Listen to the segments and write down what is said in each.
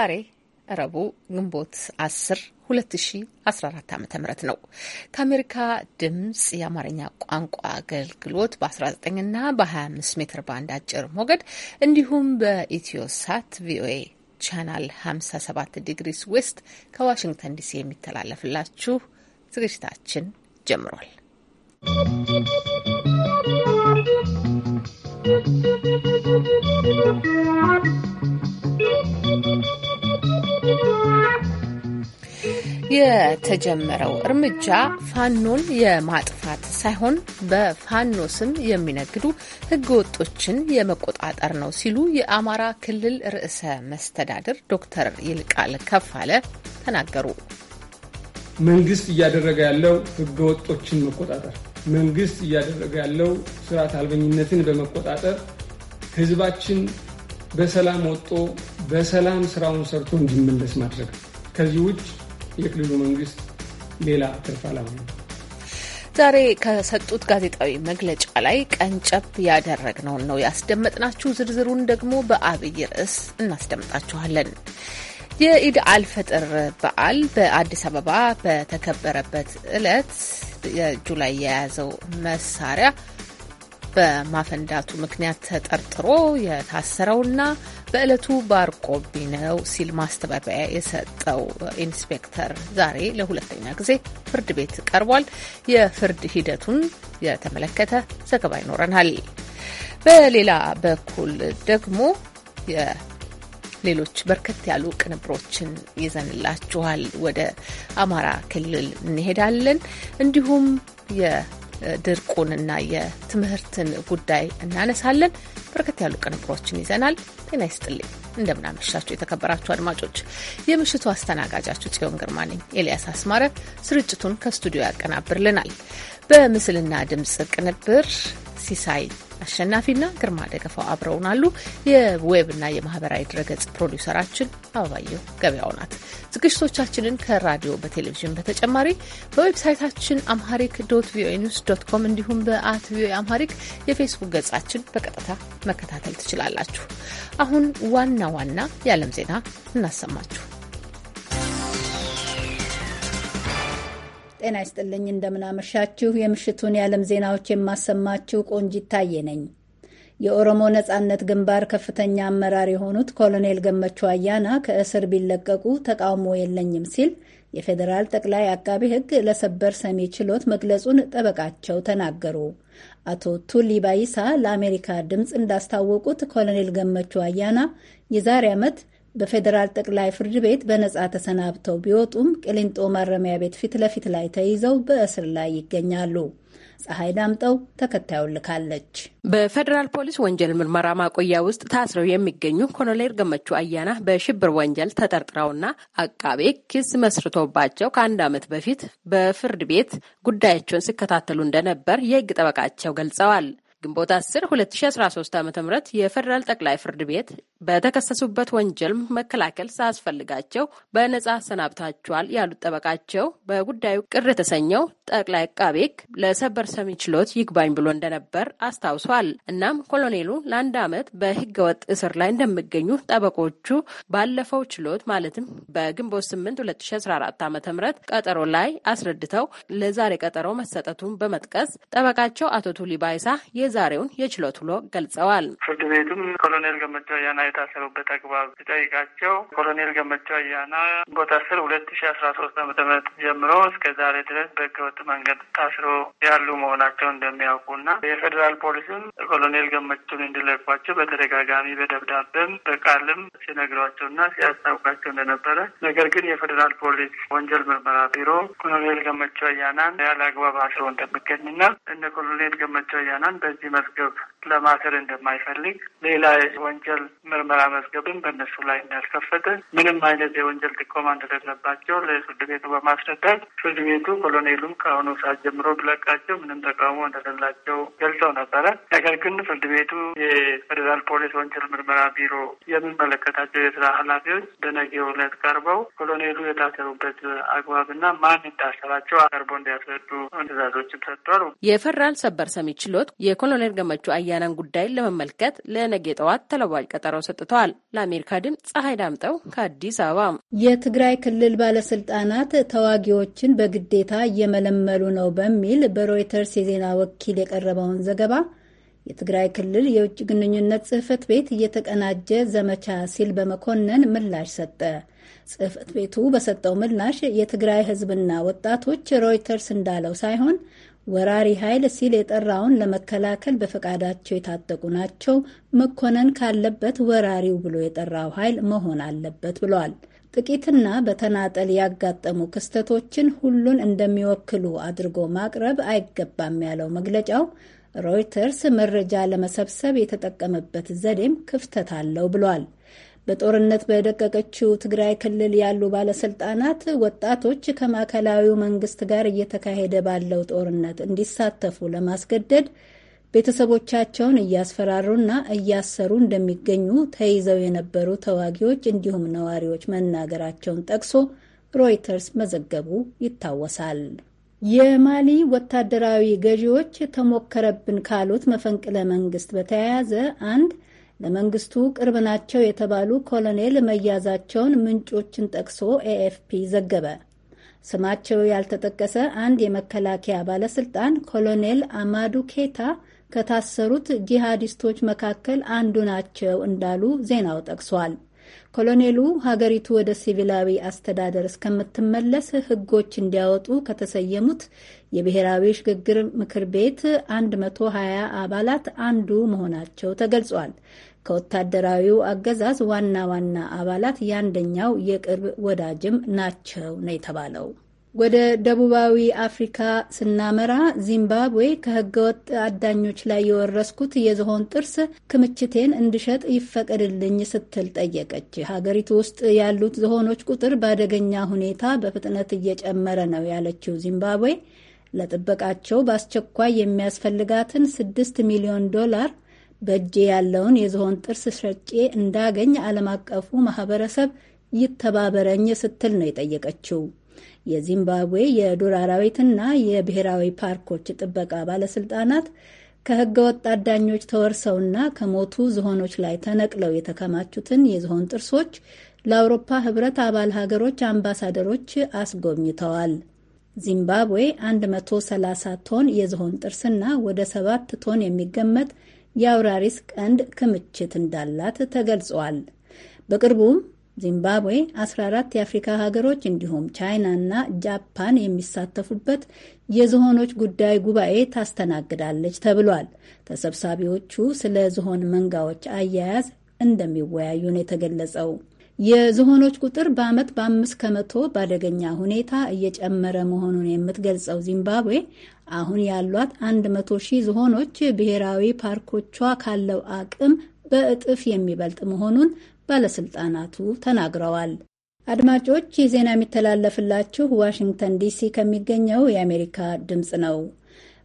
ዛሬ ረቡ ግንቦት 10 2014 ዓ ም ነው። ከአሜሪካ ድምፅ የአማርኛ ቋንቋ አገልግሎት በ19 ና በ25 ሜትር ባንድ አጭር ሞገድ እንዲሁም በኢትዮ ሳት ቪኦኤ ቻናል 57 ዲግሪስ ዌስት ከዋሽንግተን ዲሲ የሚተላለፍላችሁ ዝግጅታችን ጀምሯል። ¶¶ የተጀመረው እርምጃ ፋኖን የማጥፋት ሳይሆን በፋኖ ስም የሚነግዱ ህገወጦችን የመቆጣጠር ነው ሲሉ የአማራ ክልል ርዕሰ መስተዳድር ዶክተር ይልቃል ከፋለ ተናገሩ። መንግስት እያደረገ ያለው ህገወጦችን መቆጣጠር፣ መንግስት እያደረገ ያለው ስርዓት አልበኝነትን በመቆጣጠር ህዝባችን በሰላም ወጥቶ በሰላም ስራውን ሰርቶ እንዲመለስ ማድረግ ከዚህ ውጭ የክልሉ መንግስት ሌላ ትርፍ ነው። ዛሬ ከሰጡት ጋዜጣዊ መግለጫ ላይ ቀንጨብ ያደረግነውን ነው ያስደመጥናችሁ። ዝርዝሩን ደግሞ በአብይ ርዕስ እናስደምጣችኋለን። የኢድ አልፈጥር በዓል በአዲስ አበባ በተከበረበት ዕለት እጁ ላይ የያዘው መሳሪያ በማፈንዳቱ ምክንያት ተጠርጥሮ የታሰረውና በዕለቱ ባርቆቢ ነው ሲል ማስተባበያ የሰጠው ኢንስፔክተር ዛሬ ለሁለተኛ ጊዜ ፍርድ ቤት ቀርቧል። የፍርድ ሂደቱን የተመለከተ ዘገባ ይኖረናል። በሌላ በኩል ደግሞ ሌሎች በርከት ያሉ ቅንብሮችን ይዘንላችኋል። ወደ አማራ ክልል እንሄዳለን። እንዲሁም ድርቁንና የትምህርትን ጉዳይ እናነሳለን። በርከት ያሉ ቅንብሮችን ይዘናል። ጤና ይስጥልኝ፣ እንደምናመሻችሁ የተከበራችሁ አድማጮች። የምሽቱ አስተናጋጃችሁ ጽዮን ግርማ ነኝ። ኤልያስ አስማረ ስርጭቱን ከስቱዲዮ ያቀናብርልናል። በምስልና ድምፅ ቅንብር ሲሳይ አሸናፊና ግርማ ደገፋው አብረውን አሉ። የዌብና የማህበራዊ ድረገጽ ፕሮዲውሰራችን አበባየሁ ገበያው ናት። ዝግጅቶቻችንን ከራዲዮ በቴሌቪዥን በተጨማሪ በዌብሳይታችን አምሃሪክ ዶት ቪኦኤ ኒውስ ዶት ኮም እንዲሁም በአት ቪኦኤ አምሃሪክ የፌስቡክ ገጻችን በቀጥታ መከታተል ትችላላችሁ። አሁን ዋና ዋና የዓለም ዜና እናሰማችሁ። ጤና ይስጥልኝ። እንደምናመሻችሁ። የምሽቱን የዓለም ዜናዎች የማሰማችሁ ቆንጂት ታዬ ነኝ። የኦሮሞ ነጻነት ግንባር ከፍተኛ አመራር የሆኑት ኮሎኔል ገመቹ አያና ከእስር ቢለቀቁ ተቃውሞ የለኝም ሲል የፌዴራል ጠቅላይ አቃቢ ሕግ ለሰበር ሰሚ ችሎት መግለጹን ጠበቃቸው ተናገሩ። አቶ ቱሊ ባይሳ ለአሜሪካ ድምፅ እንዳስታወቁት ኮሎኔል ገመቹ አያና የዛሬ ዓመት በፌዴራል ጠቅላይ ፍርድ ቤት በነጻ ተሰናብተው ቢወጡም ቅሊንጦ ማረሚያ ቤት ፊት ለፊት ላይ ተይዘው በእስር ላይ ይገኛሉ። ፀሐይ ዳምጠው ተከታዩን ልካለች። በፌዴራል ፖሊስ ወንጀል ምርመራ ማቆያ ውስጥ ታስረው የሚገኙ ኮሎኔል ገመቹ አያና በሽብር ወንጀል ተጠርጥረውና አቃቤ ክስ መስርቶባቸው ከአንድ ዓመት በፊት በፍርድ ቤት ጉዳያቸውን ሲከታተሉ እንደነበር የህግ ጠበቃቸው ገልጸዋል። ግንቦት 10 2013 ዓ ም የፌዴራል ጠቅላይ ፍርድ ቤት በተከሰሱበት ወንጀል መከላከል ሳያስፈልጋቸው በነጻ ሰናብታቸዋል ያሉት ጠበቃቸው በጉዳዩ ቅር የተሰኘው ጠቅላይ አቃቤ ሕግ ለሰበር ሰሚ ችሎት ይግባኝ ብሎ እንደነበር አስታውሷል። እናም ኮሎኔሉ ለአንድ ዓመት በህገወጥ እስር ላይ እንደሚገኙ ጠበቆቹ ባለፈው ችሎት ማለትም በግንቦት 8 2014 ዓ.ም ቀጠሮ ላይ አስረድተው ለዛሬ ቀጠሮ መሰጠቱን በመጥቀስ ጠበቃቸው አቶ ቱሊ ባይሳ የዛሬውን የችሎት ውሎ ገልጸዋል። ፍርድ ቤቱም ኮሎኔል ገመዳ የታሰሩበት አግባብ ሲጠይቃቸው ኮሎኔል ገመቹ አያና በታሰር ሁለት ሺ አስራ ሶስት አመተ ምህረት ጀምሮ እስከ ዛሬ ድረስ በህገወጥ መንገድ ታስሮ ያሉ መሆናቸው እንደሚያውቁና የፌዴራል ፖሊስም ኮሎኔል ገመቹን እንዲለቋቸው በተደጋጋሚ በደብዳቤም በቃልም ሲነግሯቸውና ሲያስታውቃቸው እንደነበረ ነገር ግን የፌዴራል ፖሊስ ወንጀል ምርመራ ቢሮ ኮሎኔል ገመቹ አያናን ያለ አግባብ አስሮ እንደሚገኝና እነ ኮሎኔል ገመቹ አያናን በዚህ መዝገብ ለማሰር እንደማይፈልግ ሌላ ወንጀል ምርመራ መዝገብም በእነሱ ላይ እንዳልከፈተ ምንም አይነት የወንጀል ጥቆማ እንደሌለባቸው ለፍርድ ቤቱ በማስረዳት ፍርድ ቤቱ ኮሎኔሉም ከአሁኑ ሰዓት ጀምሮ ብለቃቸው ምንም ተቃውሞ እንደሌላቸው ገልጸው ነበረ። ነገር ግን ፍርድ ቤቱ የፌዴራል ፖሊስ ወንጀል ምርመራ ቢሮ የሚመለከታቸው የስራ ኃላፊዎች በነገው ዕለት ቀርበው ኮሎኔሉ የታሰሩበት አግባብና ማን እንዳሰራቸው አቀርቦ እንዲያስረዱ ትዕዛዞችም ሰጥተዋል። የፌዴራል ሰበር ሰሚ ችሎት የኮሎኔል ገመቹ አያ አያናን ጉዳይን ለመመልከት ለነገ ጠዋት ተለዋጭ ቀጠሮ ሰጥተዋል። ለአሜሪካ ድምፅ ፀሐይ ዳምጠው ከአዲስ አበባ። የትግራይ ክልል ባለስልጣናት ተዋጊዎችን በግዴታ እየመለመሉ ነው በሚል በሮይተርስ የዜና ወኪል የቀረበውን ዘገባ የትግራይ ክልል የውጭ ግንኙነት ጽህፈት ቤት እየተቀናጀ ዘመቻ ሲል በመኮነን ምላሽ ሰጠ። ጽህፈት ቤቱ በሰጠው ምላሽ የትግራይ ህዝብና ወጣቶች ሮይተርስ እንዳለው ሳይሆን ወራሪ ኃይል ሲል የጠራውን ለመከላከል በፈቃዳቸው የታጠቁ ናቸው፣ መኮነን ካለበት ወራሪው ብሎ የጠራው ኃይል መሆን አለበት ብሏል። ጥቂትና በተናጠል ያጋጠሙ ክስተቶችን ሁሉን እንደሚወክሉ አድርጎ ማቅረብ አይገባም ያለው መግለጫው ሮይተርስ መረጃ ለመሰብሰብ የተጠቀመበት ዘዴም ክፍተት አለው ብሏል። በጦርነት በደቀቀችው ትግራይ ክልል ያሉ ባለስልጣናት ወጣቶች ከማዕከላዊው መንግስት ጋር እየተካሄደ ባለው ጦርነት እንዲሳተፉ ለማስገደድ ቤተሰቦቻቸውን እያስፈራሩና እያሰሩ እንደሚገኙ ተይዘው የነበሩ ተዋጊዎች እንዲሁም ነዋሪዎች መናገራቸውን ጠቅሶ ሮይተርስ መዘገቡ ይታወሳል። የማሊ ወታደራዊ ገዢዎች ተሞከረብን ካሉት መፈንቅለ መንግስት በተያያዘ አንድ ለመንግስቱ ቅርብ ናቸው የተባሉ ኮሎኔል መያዛቸውን ምንጮችን ጠቅሶ ኤኤፍፒ ዘገበ። ስማቸው ያልተጠቀሰ አንድ የመከላከያ ባለስልጣን ኮሎኔል አማዱ ኬታ ከታሰሩት ጂሃዲስቶች መካከል አንዱ ናቸው እንዳሉ ዜናው ጠቅሷል። ኮሎኔሉ ሀገሪቱ ወደ ሲቪላዊ አስተዳደር እስከምትመለስ ህጎች እንዲያወጡ ከተሰየሙት የብሔራዊ ሽግግር ምክር ቤት 120 አባላት አንዱ መሆናቸው ተገልጿል። ከወታደራዊው አገዛዝ ዋና ዋና አባላት የአንደኛው የቅርብ ወዳጅም ናቸው ነው የተባለው። ወደ ደቡባዊ አፍሪካ ስናመራ ዚምባብዌ ከህገወጥ አዳኞች ላይ የወረስኩት የዝሆን ጥርስ ክምችቴን እንድሸጥ ይፈቀድልኝ ስትል ጠየቀች። ሀገሪቱ ውስጥ ያሉት ዝሆኖች ቁጥር በአደገኛ ሁኔታ በፍጥነት እየጨመረ ነው ያለችው ዚምባብዌ ለጥበቃቸው በአስቸኳይ የሚያስፈልጋትን ስድስት ሚሊዮን ዶላር በእጄ ያለውን የዝሆን ጥርስ ሸጬ እንዳገኝ ዓለም አቀፉ ማህበረሰብ ይተባበረኝ ስትል ነው የጠየቀችው። የዚምባብዌ የዱር አራዊትና የብሔራዊ ፓርኮች ጥበቃ ባለስልጣናት ወጥ አዳኞች ተወርሰውና ከሞቱ ዝሆኖች ላይ ተነቅለው የተከማቹትን የዝሆን ጥርሶች ለአውሮፓ ህብረት አባል ሀገሮች አምባሳደሮች አስጎብኝተዋል። ዚምባብዌ 130 ቶን የዝሆን ጥርስና ወደ 7 ቶን የሚገመት የአውራሪስ ቀንድ ክምችት እንዳላት ተገልጿል። በቅርቡም ዚምባብዌ 14 የአፍሪካ ሀገሮች እንዲሁም ቻይና እና ጃፓን የሚሳተፉበት የዝሆኖች ጉዳይ ጉባኤ ታስተናግዳለች ተብሏል። ተሰብሳቢዎቹ ስለ ዝሆን መንጋዎች አያያዝ እንደሚወያዩ ነው የተገለጸው። የዝሆኖች ቁጥር በዓመት በአምስት ከመቶ በአደገኛ ሁኔታ እየጨመረ መሆኑን የምትገልጸው ዚምባብዌ አሁን ያሏት 100 ሺህ ዝሆኖች ብሔራዊ ፓርኮቿ ካለው አቅም በእጥፍ የሚበልጥ መሆኑን ባለስልጣናቱ ተናግረዋል። አድማጮች ይህ ዜና የሚተላለፍላችሁ ዋሽንግተን ዲሲ ከሚገኘው የአሜሪካ ድምፅ ነው።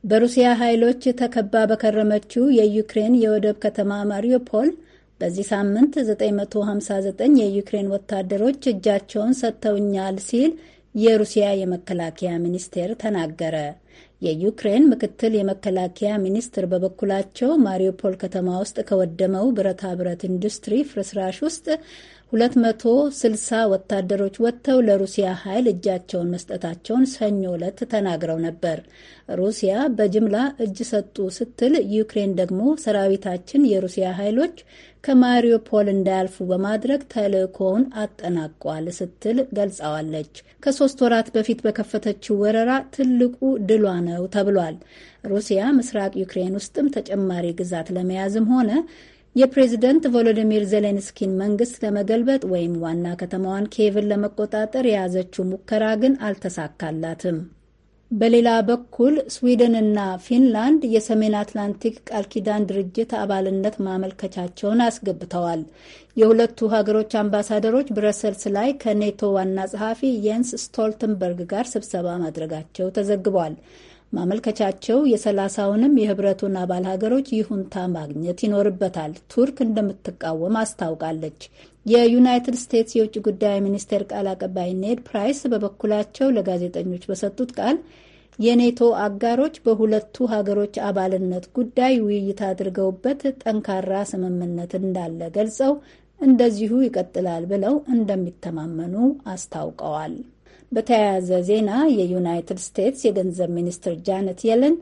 በሩሲያ ኃይሎች ተከባ በከረመችው የዩክሬን የወደብ ከተማ ማሪዮፖል በዚህ ሳምንት 959 የዩክሬን ወታደሮች እጃቸውን ሰጥተውኛል ሲል የሩሲያ የመከላከያ ሚኒስቴር ተናገረ። የዩክሬን ምክትል የመከላከያ ሚኒስትር በበኩላቸው ማሪውፖል ከተማ ውስጥ ከወደመው ብረታ ብረት ኢንዱስትሪ ፍርስራሽ ውስጥ 260 ወታደሮች ወጥተው ለሩሲያ ኃይል እጃቸውን መስጠታቸውን ሰኞ ዕለት ተናግረው ነበር። ሩሲያ በጅምላ እጅ ሰጡ ስትል፣ ዩክሬን ደግሞ ሰራዊታችን የሩሲያ ኃይሎች ከማሪዮፖል እንዳያልፉ በማድረግ ተልእኮውን አጠናቋል ስትል ገልጸዋለች። ከሶስት ወራት በፊት በከፈተችው ወረራ ትልቁ ድሏ ነው ተብሏል። ሩሲያ ምስራቅ ዩክሬን ውስጥም ተጨማሪ ግዛት ለመያዝም ሆነ የፕሬዚደንት ቮሎዲሚር ዜሌንስኪን መንግስት ለመገልበጥ ወይም ዋና ከተማዋን ኪየቭን ለመቆጣጠር የያዘችው ሙከራ ግን አልተሳካላትም። በሌላ በኩል ስዊድንና ፊንላንድ የሰሜን አትላንቲክ ቃል ኪዳን ድርጅት አባልነት ማመልከቻቸውን አስገብተዋል። የሁለቱ ሀገሮች አምባሳደሮች ብረሰልስ ላይ ከኔቶ ዋና ጸሐፊ የንስ ስቶልተንበርግ ጋር ስብሰባ ማድረጋቸው ተዘግቧል። ማመልከቻቸው የሰላሳውንም የህብረቱን አባል ሀገሮች ይሁንታ ማግኘት ይኖርበታል። ቱርክ እንደምትቃወም አስታውቃለች። የዩናይትድ ስቴትስ የውጭ ጉዳይ ሚኒስቴር ቃል አቀባይ ኔድ ፕራይስ በበኩላቸው ለጋዜጠኞች በሰጡት ቃል የኔቶ አጋሮች በሁለቱ ሀገሮች አባልነት ጉዳይ ውይይት አድርገውበት ጠንካራ ስምምነት እንዳለ ገልጸው እንደዚሁ ይቀጥላል ብለው እንደሚተማመኑ አስታውቀዋል። በተያያዘ ዜና የዩናይትድ ስቴትስ የገንዘብ ሚኒስትር ጃነት የለን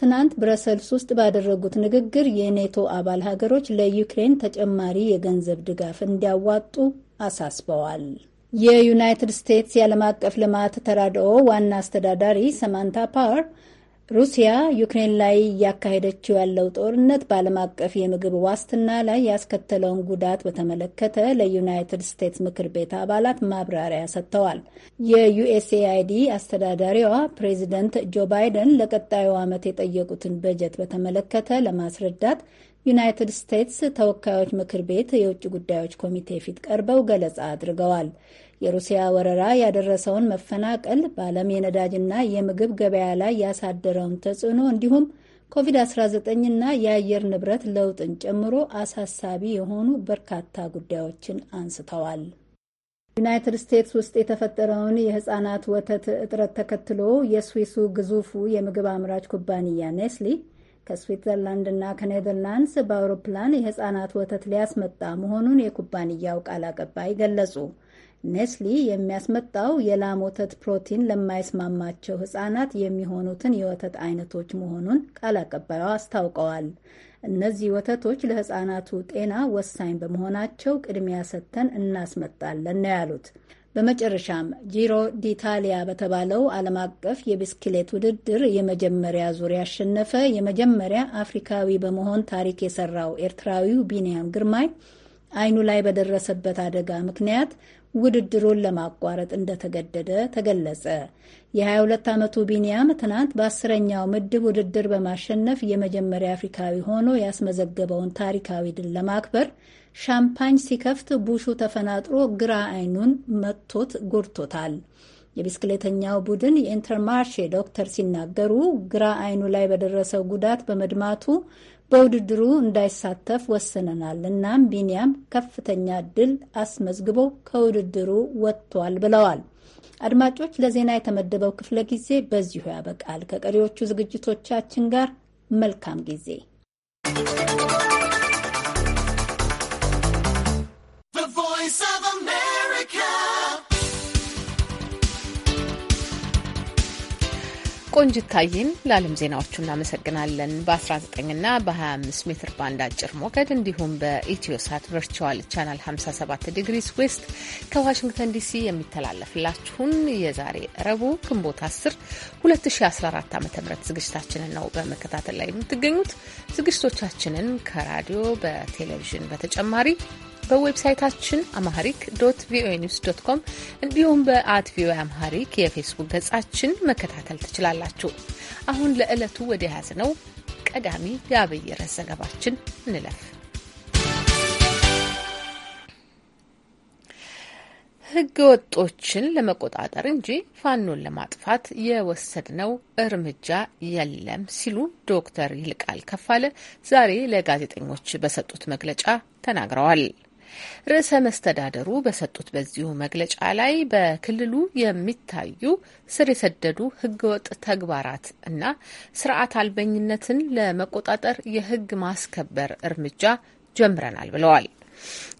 ትናንት ብረሰልስ ውስጥ ባደረጉት ንግግር የኔቶ አባል ሀገሮች ለዩክሬን ተጨማሪ የገንዘብ ድጋፍ እንዲያዋጡ አሳስበዋል። የዩናይትድ ስቴትስ የዓለም አቀፍ ልማት ተራድኦ ዋና አስተዳዳሪ ሰማንታ ፓወር ሩሲያ ዩክሬን ላይ እያካሄደችው ያለው ጦርነት በዓለም አቀፍ የምግብ ዋስትና ላይ ያስከተለውን ጉዳት በተመለከተ ለዩናይትድ ስቴትስ ምክር ቤት አባላት ማብራሪያ ሰጥተዋል። የዩኤስኤአይዲ አስተዳዳሪዋ ፕሬዚደንት ጆ ባይደን ለቀጣዩ ዓመት የጠየቁትን በጀት በተመለከተ ለማስረዳት ዩናይትድ ስቴትስ ተወካዮች ምክር ቤት የውጭ ጉዳዮች ኮሚቴ ፊት ቀርበው ገለጻ አድርገዋል። የሩሲያ ወረራ ያደረሰውን መፈናቀል፣ በዓለም የነዳጅና የምግብ ገበያ ላይ ያሳደረውን ተጽዕኖ እንዲሁም ኮቪድ-19ና የአየር ንብረት ለውጥን ጨምሮ አሳሳቢ የሆኑ በርካታ ጉዳዮችን አንስተዋል። ዩናይትድ ስቴትስ ውስጥ የተፈጠረውን የህፃናት ወተት እጥረት ተከትሎ የስዊሱ ግዙፉ የምግብ አምራች ኩባንያ ኔስሊ ና ከኔዘርላንድስ በአውሮፕላን የህፃናት ወተት ሊያስመጣ መሆኑን የኩባንያው ቃል አቀባይ ገለጹ። ኔስሊ የሚያስመጣው የላም ወተት ፕሮቲን ለማይስማማቸው ህጻናት የሚሆኑትን የወተት አይነቶች መሆኑን ቃል አቀባዩ አስታውቀዋል። እነዚህ ወተቶች ለህጻናቱ ጤና ወሳኝ በመሆናቸው ቅድሚያ ሰጥተን እናስመጣለን ነው ያሉት። በመጨረሻም ጂሮ ዲታሊያ በተባለው ዓለም አቀፍ የብስክሌት ውድድር የመጀመሪያ ዙር ያሸነፈ የመጀመሪያ አፍሪካዊ በመሆን ታሪክ የሰራው ኤርትራዊው ቢንያም ግርማይ አይኑ ላይ በደረሰበት አደጋ ምክንያት ውድድሩን ለማቋረጥ እንደተገደደ ተገለጸ። የ22 ዓመቱ ቢኒያም ትናንት በአስረኛው ምድብ ውድድር በማሸነፍ የመጀመሪያ አፍሪካዊ ሆኖ ያስመዘገበውን ታሪካዊ ድል ለማክበር ሻምፓኝ ሲከፍት ቡሹ ተፈናጥሮ ግራ አይኑን መጥቶት ጎድቶታል። የቢስክሌተኛው ቡድን የኢንተርማርሼ ዶክተር ሲናገሩ ግራ አይኑ ላይ በደረሰው ጉዳት በመድማቱ በውድድሩ እንዳይሳተፍ ወስነናል። እናም ቢኒያም ከፍተኛ ድል አስመዝግቦ ከውድድሩ ወጥቷል ብለዋል። አድማጮች፣ ለዜና የተመደበው ክፍለ ጊዜ በዚሁ ያበቃል። ከቀሪዎቹ ዝግጅቶቻችን ጋር መልካም ጊዜ ቆንጅታዬን ለዓለም ዜናዎቹ እናመሰግናለን። በ19ና በ25 ሜትር ባንድ አጭር ሞገድ እንዲሁም በኢትዮሳት ቨርቹዋል ቻናል 57 ዲግሪስ ዌስት ከዋሽንግተን ዲሲ የሚተላለፍላችሁን የዛሬ ረቡ ግንቦት 10 2014 ዓ ም ዝግጅታችንን ነው በመከታተል ላይ የምትገኙት። ዝግጅቶቻችንን ከራዲዮ በቴሌቪዥን በተጨማሪ በዌብሳይታችን አማህሪክ ዶት ቪኦኤ ኒውስ ዶት ኮም እንዲሁም በአት ቪኦኤ አማሪክ የፌስቡክ ገጻችን መከታተል ትችላላችሁ። አሁን ለዕለቱ ወደ ያዝ ነው ቀዳሚ የአብይ ርዕስ ዘገባችን እንለፍ። ሕገ ወጦችን ለመቆጣጠር እንጂ ፋኖን ለማጥፋት የወሰድነው እርምጃ የለም ሲሉ ዶክተር ይልቃል ከፋለ ዛሬ ለጋዜጠኞች በሰጡት መግለጫ ተናግረዋል። ርዕሰ መስተዳደሩ በሰጡት በዚሁ መግለጫ ላይ በክልሉ የሚታዩ ስር የሰደዱ ህገወጥ ተግባራት እና ስርዓት አልበኝነትን ለመቆጣጠር የህግ ማስከበር እርምጃ ጀምረናል ብለዋል።